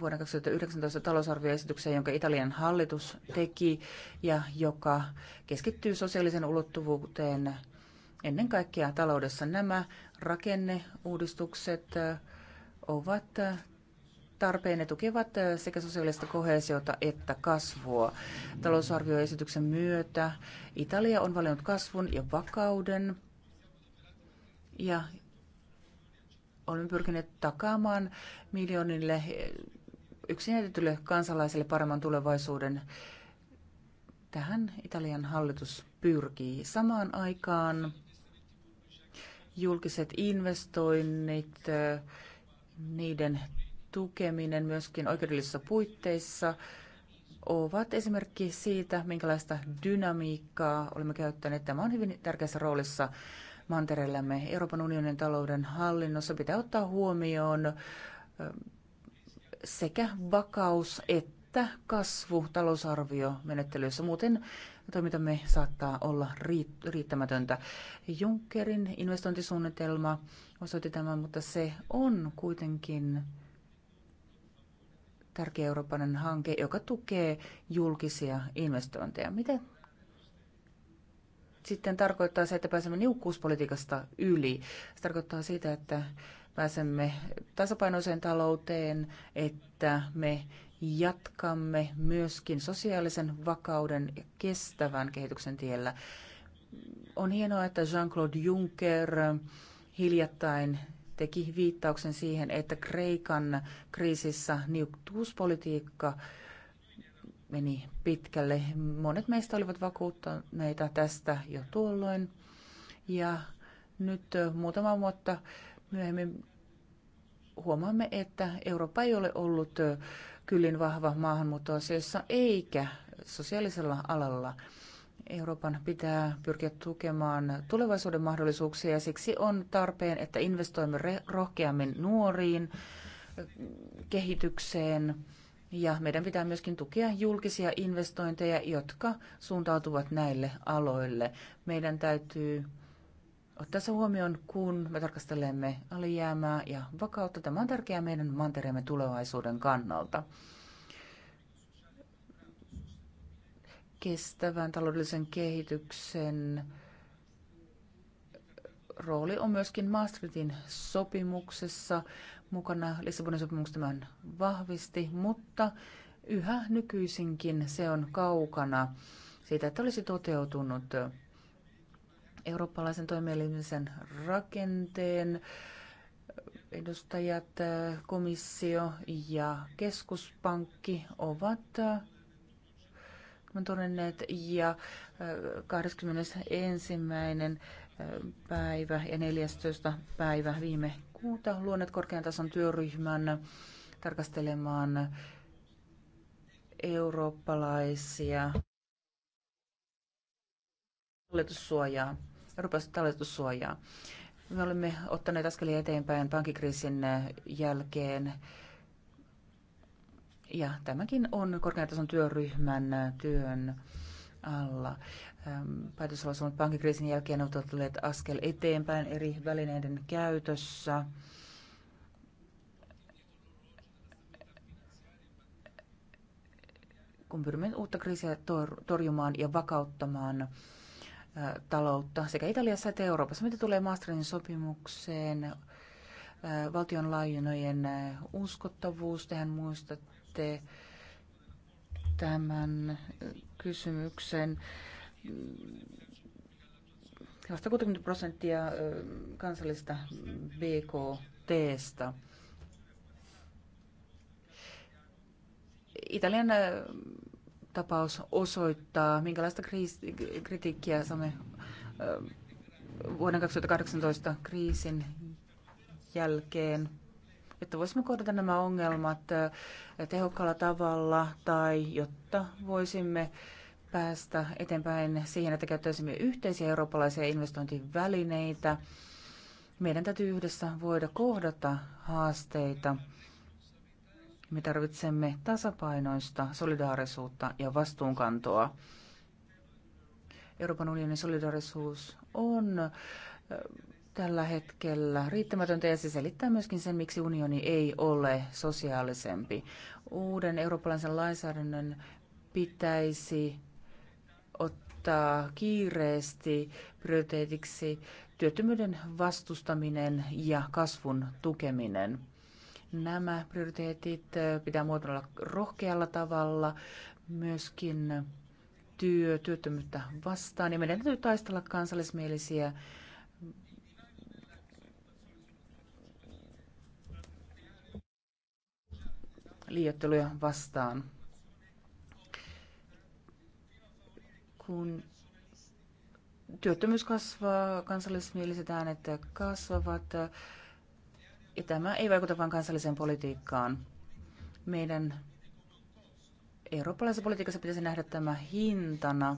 vuoden 2019 talousarvioesitykseen, jonka Italian hallitus teki ja joka keskittyy sosiaalisen ulottuvuuteen ennen kaikkea taloudessa. Nämä rakenneuudistukset, ovat äh, tarpeen. Ne tukevat äh, sekä sosiaalista kohesiota että kasvua. Talousarvioesityksen myötä Italia on valinnut kasvun ja vakauden ja olemme pyrkineet takaamaan miljoonille äh, yksinäytetylle kansalaisille paremman tulevaisuuden. Tähän Italian hallitus pyrkii. Samaan aikaan julkiset investoinnit niiden tukeminen myöskin oikeudellisissa puitteissa ovat esimerkki siitä, minkälaista dynamiikkaa olemme käyttäneet. Tämä on hyvin tärkeässä roolissa mantereellamme. Euroopan unionin talouden hallinnossa pitää ottaa huomioon sekä vakaus että kasvu talousarviomenettelyssä. Muuten toimintamme saattaa olla riittämätöntä. Junckerin investointisuunnitelma osoitti tämän, mutta se on kuitenkin tärkeä eurooppalainen hanke, joka tukee julkisia investointeja. Mitä sitten tarkoittaa se, että pääsemme niukkuuspolitiikasta yli? Se tarkoittaa sitä, että pääsemme tasapainoiseen talouteen, että me jatkamme myöskin sosiaalisen vakauden ja kestävän kehityksen tiellä. On hienoa, että Jean-Claude Juncker hiljattain teki viittauksen siihen, että Kreikan kriisissä niuktuuspolitiikka meni pitkälle. Monet meistä olivat vakuuttuneita tästä jo tuolloin. Ja nyt muutama vuotta myöhemmin huomaamme, että Eurooppa ei ole ollut kyllin vahva maahanmuuttoasioissa eikä sosiaalisella alalla. Euroopan pitää pyrkiä tukemaan tulevaisuuden mahdollisuuksia ja siksi on tarpeen, että investoimme rohkeammin nuoriin, kehitykseen ja meidän pitää myöskin tukea julkisia investointeja, jotka suuntautuvat näille aloille. Meidän täytyy ottaa se huomioon, kun me tarkastelemme alijäämää ja vakautta. Tämä on tärkeää meidän mantereemme tulevaisuuden kannalta. kestävän taloudellisen kehityksen rooli on myöskin Maastrichtin sopimuksessa mukana. Lissabonin sopimus tämän vahvisti, mutta yhä nykyisinkin se on kaukana siitä, että olisi toteutunut eurooppalaisen toimielimisen rakenteen edustajat, komissio ja keskuspankki ovat todenneet ja 21. päivä ja 14. päivä viime kuuta luoneet korkean tason työryhmän tarkastelemaan eurooppalaisia talletussuojaa, eurooppalaista talletussuojaa. Me olemme ottaneet askelia eteenpäin pankkikriisin jälkeen ja tämäkin on korkeatason työryhmän työn alla. On pankkikriisin jälkeen ovat ottaneet askel eteenpäin eri välineiden käytössä. kun pyrimme uutta kriisiä torjumaan ja vakauttamaan taloutta sekä Italiassa että Euroopassa. Mitä tulee Maastrichtin sopimukseen, valtion uskottavuus, tehän muistatte, tunnette tämän kysymyksen. Vasta 60 prosenttia kansallista BKTstä. Italian tapaus osoittaa, minkälaista kritiikkiä saamme vuoden 2018 kriisin jälkeen jotta voisimme kohdata nämä ongelmat tehokkaalla tavalla tai jotta voisimme päästä eteenpäin siihen, että käyttäisimme yhteisiä eurooppalaisia investointivälineitä. Meidän täytyy yhdessä voida kohdata haasteita. Me tarvitsemme tasapainoista solidaarisuutta ja vastuunkantoa. Euroopan unionin solidaarisuus on tällä hetkellä riittämätöntä ja se selittää myöskin sen, miksi unioni ei ole sosiaalisempi. Uuden eurooppalaisen lainsäädännön pitäisi ottaa kiireesti prioriteetiksi työttömyyden vastustaminen ja kasvun tukeminen. Nämä prioriteetit pitää muotoilla rohkealla tavalla, myöskin työ, työttömyyttä vastaan. Ja meidän täytyy taistella kansallismielisiä liioitteluja vastaan. Kun työttömyys kasvaa, kansallismieliset äänet kasvavat, ja tämä ei vaikuta vain kansalliseen politiikkaan. Meidän eurooppalaisessa politiikassa pitäisi nähdä tämä hintana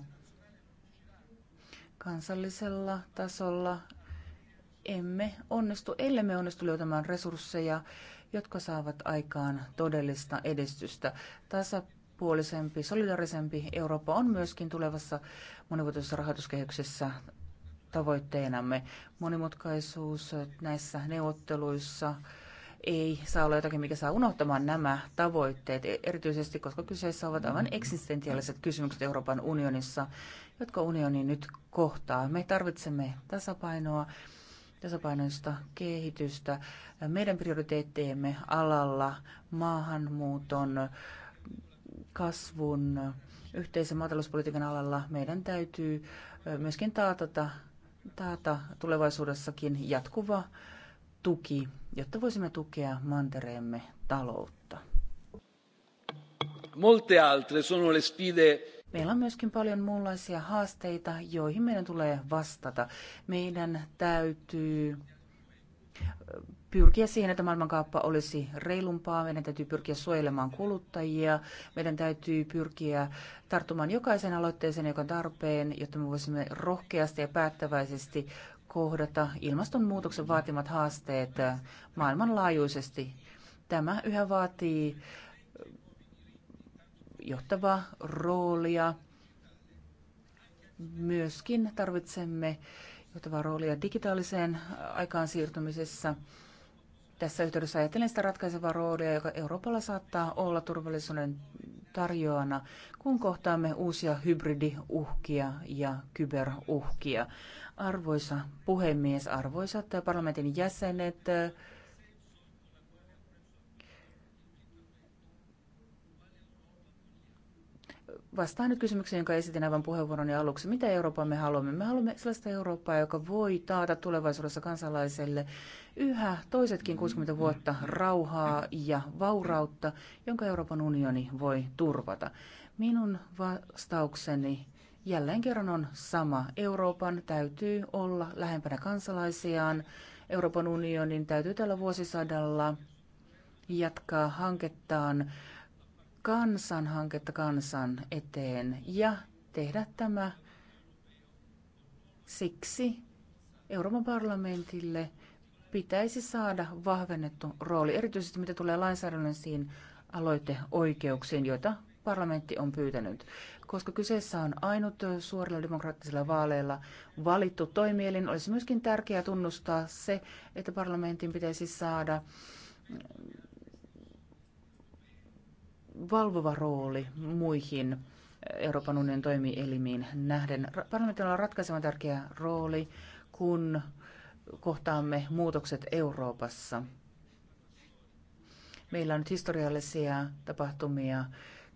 kansallisella tasolla. Emme onnistu, ellei me onnistu löytämään resursseja jotka saavat aikaan todellista edistystä. Tasapuolisempi, solidarisempi Eurooppa on myöskin tulevassa monivuotisessa rahoituskehyksessä tavoitteenamme. Monimutkaisuus näissä neuvotteluissa ei saa olla jotakin, mikä saa unohtamaan nämä tavoitteet, erityisesti koska kyseessä ovat aivan eksistentiaaliset kysymykset Euroopan unionissa, jotka unioni nyt kohtaa. Me tarvitsemme tasapainoa tasapainoista kehitystä. Meidän prioriteetteemme alalla maahanmuuton kasvun yhteisen maatalouspolitiikan alalla meidän täytyy myöskin taata, taata tulevaisuudessakin jatkuva tuki, jotta voisimme tukea mantereemme taloutta. Molte altre sono le sfide Meillä on myöskin paljon muunlaisia haasteita, joihin meidän tulee vastata. Meidän täytyy pyrkiä siihen, että maailmankauppa olisi reilumpaa. Meidän täytyy pyrkiä suojelemaan kuluttajia. Meidän täytyy pyrkiä tarttumaan jokaisen aloitteeseen, joka on tarpeen, jotta me voisimme rohkeasti ja päättäväisesti kohdata ilmastonmuutoksen vaatimat haasteet maailmanlaajuisesti. Tämä yhä vaatii johtavaa roolia. Myöskin tarvitsemme johtavaa roolia digitaaliseen aikaan siirtymisessä. Tässä yhteydessä ajattelen sitä ratkaisevaa roolia, joka Euroopalla saattaa olla turvallisuuden tarjoana, kun kohtaamme uusia hybridiuhkia ja kyberuhkia. Arvoisa puhemies, arvoisat parlamentin jäsenet, Vastaan nyt kysymykseen, jonka esitin aivan puheenvuoroni aluksi. Mitä Eurooppaa me haluamme? Me haluamme sellaista Eurooppaa, joka voi taata tulevaisuudessa kansalaiselle yhä toisetkin 60 vuotta rauhaa ja vaurautta, jonka Euroopan unioni voi turvata. Minun vastaukseni jälleen kerran on sama. Euroopan täytyy olla lähempänä kansalaisiaan. Euroopan unionin täytyy tällä vuosisadalla jatkaa hankettaan kansanhanketta kansan eteen ja tehdä tämä siksi Euroopan parlamentille pitäisi saada vahvennettu rooli, erityisesti mitä tulee lainsäädännöllisiin aloiteoikeuksiin, joita parlamentti on pyytänyt. Koska kyseessä on ainut suorilla demokraattisilla vaaleilla valittu toimielin, olisi myöskin tärkeää tunnustaa se, että parlamentin pitäisi saada valvova rooli muihin Euroopan unionin toimielimiin nähden. Parlamentilla on ratkaisevan tärkeä rooli, kun kohtaamme muutokset Euroopassa. Meillä on nyt historiallisia tapahtumia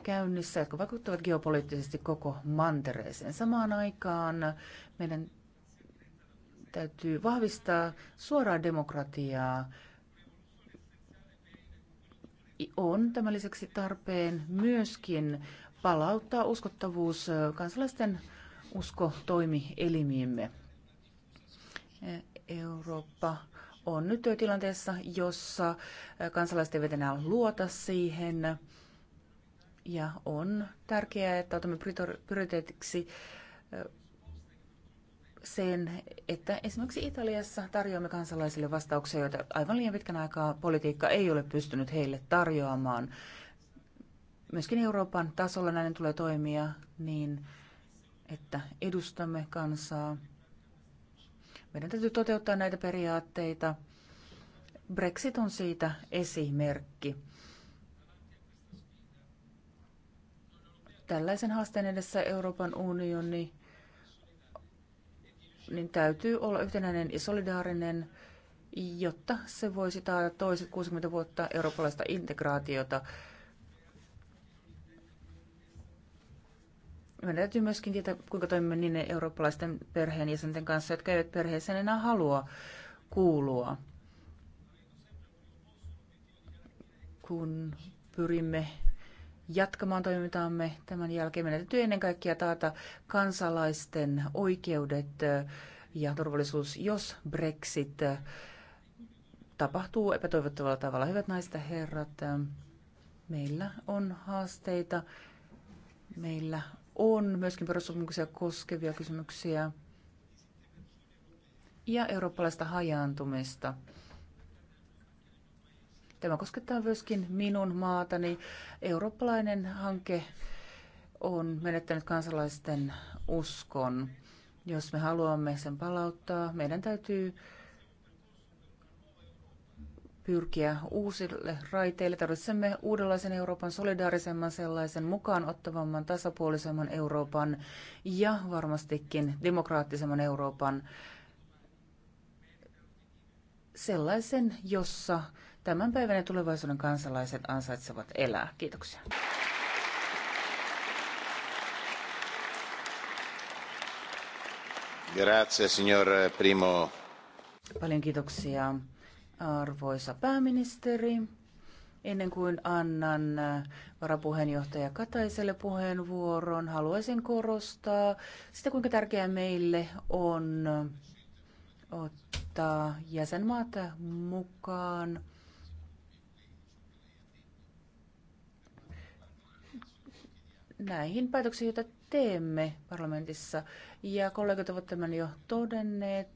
käynnissä, jotka vaikuttavat geopoliittisesti koko mantereeseen. Samaan aikaan meidän täytyy vahvistaa suoraa demokratiaa on tämän lisäksi tarpeen myöskin palauttaa uskottavuus kansalaisten usko toimielimiimme. Eurooppa on nyt tilanteessa, jossa kansalaiset eivät enää luota siihen. Ja on tärkeää, että otamme prioriteetiksi sen, että esimerkiksi Italiassa tarjoamme kansalaisille vastauksia, joita aivan liian pitkän aikaa politiikka ei ole pystynyt heille tarjoamaan. Myöskin Euroopan tasolla näiden tulee toimia niin, että edustamme kansaa. Meidän täytyy toteuttaa näitä periaatteita. Brexit on siitä esimerkki. Tällaisen haasteen edessä Euroopan unioni niin täytyy olla yhtenäinen ja solidaarinen, jotta se voisi taata toiset 60 vuotta eurooppalaista integraatiota. Meidän täytyy myöskin tietää, kuinka toimimme niiden eurooppalaisten perheenjäsenten kanssa, jotka eivät perheeseen enää halua kuulua. Kun pyrimme jatkamaan toimintaamme tämän jälkeen. Meidän täytyy ennen kaikkea taata kansalaisten oikeudet ja turvallisuus, jos Brexit tapahtuu epätoivottavalla tavalla. Hyvät naiset ja herrat, meillä on haasteita. Meillä on myöskin perussopimuksia koskevia kysymyksiä ja eurooppalaista hajaantumista. Tämä koskettaa myöskin minun maatani. Eurooppalainen hanke on menettänyt kansalaisten uskon. Jos me haluamme sen palauttaa, meidän täytyy pyrkiä uusille raiteille. Tarvitsemme uudenlaisen Euroopan, solidaarisemman sellaisen, mukaan ottavamman, tasapuolisemman Euroopan ja varmastikin demokraattisemman Euroopan sellaisen, jossa Tämän päivän ja tulevaisuuden kansalaiset ansaitsevat elää. Kiitoksia. Grazie, signor Primo. Paljon kiitoksia, arvoisa pääministeri. Ennen kuin annan varapuheenjohtaja Kataiselle puheenvuoron, haluaisin korostaa sitä, kuinka tärkeää meille on ottaa jäsenmaat mukaan näihin päätöksiin, joita teemme parlamentissa. Ja kollegat ovat tämän jo todenneet.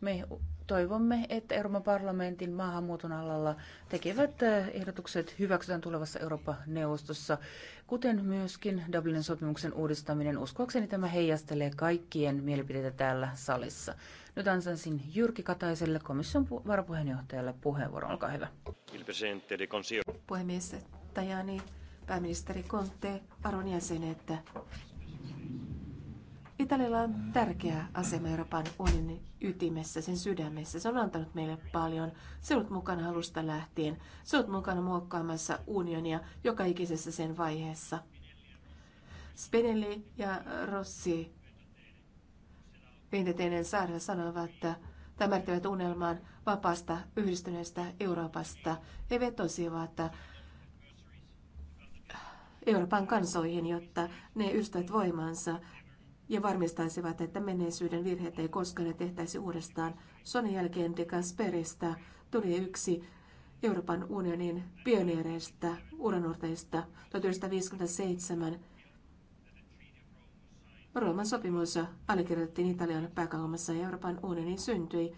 Me toivomme, että Euroopan parlamentin maahanmuuton alalla tekevät ehdotukset hyväksytään tulevassa Euroopan neuvostossa, kuten myöskin Dublinin sopimuksen uudistaminen. Uskoakseni tämä heijastelee kaikkien mielipiteitä täällä salissa. Nyt ansaisin Jyrki Kataiselle komission varapuheenjohtajalle puheenvuoro Olkaa hyvä. Puhemies Tajani pääministeri Conte, arvon jäsenet. Italialla on tärkeä asema Euroopan unionin ytimessä, sen sydämessä. Se on antanut meille paljon. Se on ollut mukana alusta lähtien. Se on ollut mukana muokkaamassa unionia joka ikisessä sen vaiheessa. Spinelli ja Rossi Vinteteinen saarella sanovat, että tämä unelmaan vapaasta yhdistyneestä Euroopasta. He vetosivat että Euroopan kansoihin, jotta ne ystävät voimansa ja varmistaisivat, että menneisyyden virheet ei koskaan tehtäisi uudestaan. Sodan jälkeen de Kasperista tuli yksi Euroopan unionin pioneereista, uranurteista 1957. Rooman sopimus allekirjoitettiin Italian pääkaupungissa ja Euroopan unioni syntyi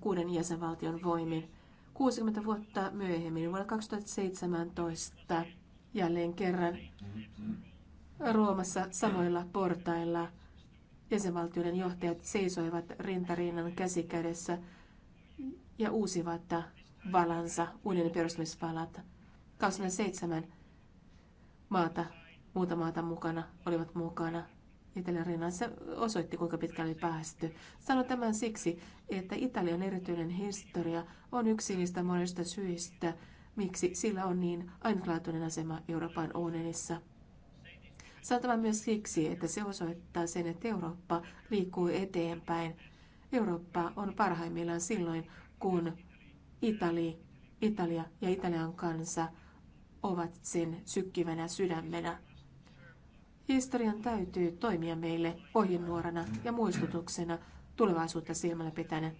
kuuden jäsenvaltion voimin. 60 vuotta myöhemmin, vuonna 2017, jälleen kerran Roomassa samoilla portailla. Jäsenvaltioiden johtajat seisoivat rintarinnan käsikädessä ja uusivat valansa, unionin perustamisvalat. 27 maata, muuta maata mukana, olivat mukana. Italian se osoitti, kuinka pitkälle oli päästy. Sanon tämän siksi, että Italian erityinen historia on yksi niistä monista syistä, miksi sillä on niin ainutlaatuinen asema Euroopan unionissa. Saatava myös siksi, että se osoittaa sen, että Eurooppa liikkuu eteenpäin. Eurooppa on parhaimmillaan silloin, kun Itali, Italia ja Italian kansa ovat sen sykkivänä sydämenä. Historian täytyy toimia meille ohjenuorana ja muistutuksena tulevaisuutta silmällä pitäen.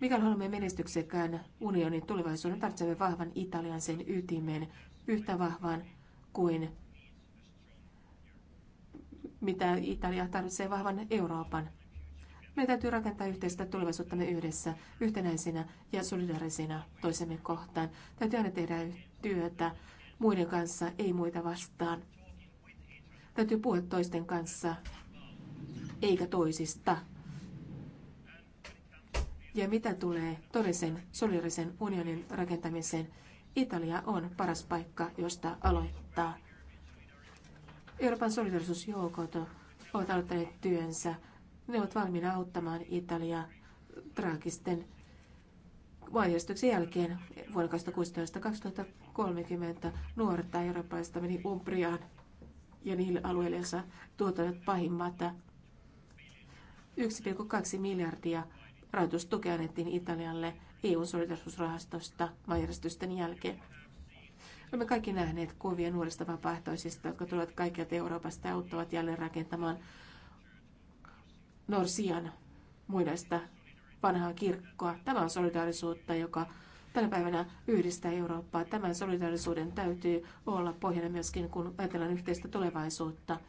Mikäli haluamme menestyksekään unionin tulevaisuuden, tarvitsemme vahvan Italian sen ytimen yhtä vahvan kuin mitä Italia tarvitsee vahvan Euroopan. Meidän täytyy rakentaa yhteistä tulevaisuuttamme yhdessä, yhtenäisinä ja solidaarisina toisemme kohtaan. Täytyy aina tehdä työtä muiden kanssa, ei muita vastaan. Täytyy puhua toisten kanssa, eikä toisista. Ja mitä tulee todellisen solidarisen unionin rakentamiseen, Italia on paras paikka, josta aloittaa. Euroopan solidarisuusjoukot ovat aloittaneet työnsä. Ne ovat valmiina auttamaan Italiaa traagisten vaiheistuksen jälkeen vuonna 2016-2030 nuorta eurooppalaista meni Umbriaan ja niille alueille, joissa tuotot pahimmat 1,2 miljardia Rahoitustukea annettiin Italialle EUn solidarisuusrahastosta maanjärjestysten jälkeen. Olemme kaikki nähneet kuvia nuorista vapaaehtoisista, jotka tulevat kaikkialta Euroopasta ja auttavat jälleen rakentamaan Norsian muinaista vanhaa kirkkoa. Tämä on solidaarisuutta, joka tänä päivänä yhdistää Eurooppaa. Tämän solidaarisuuden täytyy olla pohjana myöskin, kun ajatellaan yhteistä tulevaisuutta.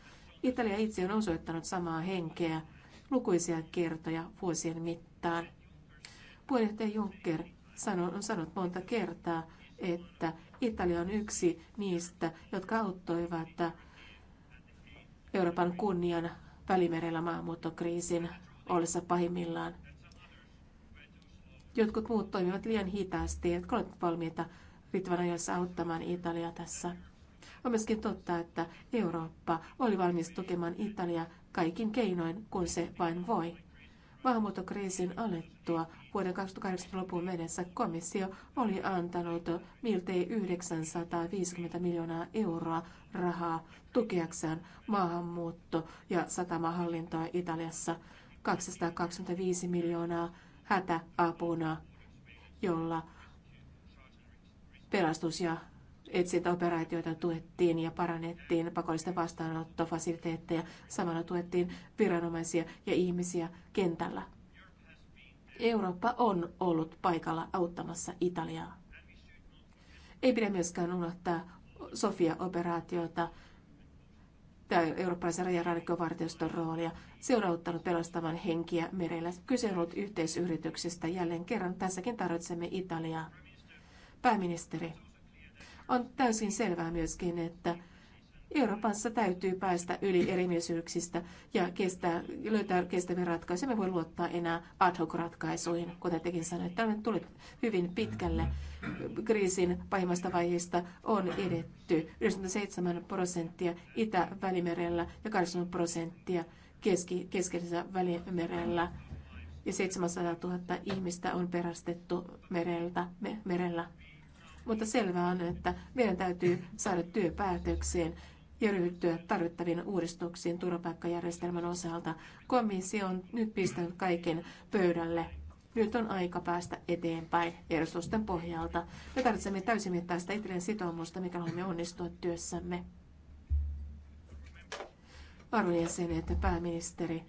Italia itse on osoittanut samaa henkeä lukuisia kertoja vuosien mittaan. Puheenjohtaja Juncker on sanonut monta kertaa, että Italia on yksi niistä, jotka auttoivat Euroopan kunnian välimerellä maahanmuuttokriisin ollessa pahimmillaan. Jotkut muut toimivat liian hitaasti, jotka ovat valmiita riittävän ajassa auttamaan Italiaa tässä. On myöskin totta, että Eurooppa oli valmis tukemaan Italiaa kaikin keinoin, kun se vain voi. Maahanmuuttokriisin alettua vuoden 2008 lopun mennessä komissio oli antanut miltei 950 miljoonaa euroa rahaa tukeakseen maahanmuutto- ja satamahallintoa Italiassa, 225 miljoonaa hätäapuna, jolla pelastus- ja etsintäoperaatioita tuettiin ja parannettiin pakollisten vastaanottofasiliteetteja. Samalla tuettiin viranomaisia ja ihmisiä kentällä. Eurooppa on ollut paikalla auttamassa Italiaa. Ei pidä myöskään unohtaa Sofia-operaatiota tai eurooppalaisen rajarannikkovartioston roolia. Se on auttanut pelastamaan henkiä merellä. Kyse on ollut yhteisyrityksestä. Jälleen kerran tässäkin tarvitsemme Italiaa. Pääministeri, on täysin selvää myöskin, että Euroopassa täytyy päästä yli erimielisyyksistä ja kestää, löytää kestäviä ratkaisuja. Me voi luottaa enää ad hoc ratkaisuihin, kuten tekin sanoit. Tämä on hyvin pitkälle. Kriisin pahimmasta vaiheesta on edetty 97 prosenttia Itä-Välimerellä ja 80 prosenttia keski, keskellisellä Välimerellä. Ja 700 000 ihmistä on perastettu mereltä, me, merellä mutta selvää on, että meidän täytyy saada työpäätökseen ja ryhtyä tarvittaviin uudistuksiin turvapaikkajärjestelmän osalta. Komissio on nyt pistänyt kaiken pöydälle. Nyt on aika päästä eteenpäin ehdotusten pohjalta. Me tarvitsemme täysimittaista itselleen sitoumusta, mikä haluamme onnistua työssämme. Arvon jäsenet, pääministeri,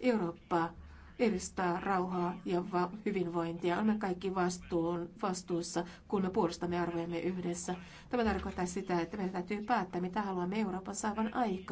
Eurooppa edistää rauhaa ja va- hyvinvointia. Olemme kaikki vastuun, vastuussa, kun me puolustamme arvojemme yhdessä. Tämä tarkoittaa sitä, että meidän täytyy päättää, mitä haluamme Euroopan saavan aikaan.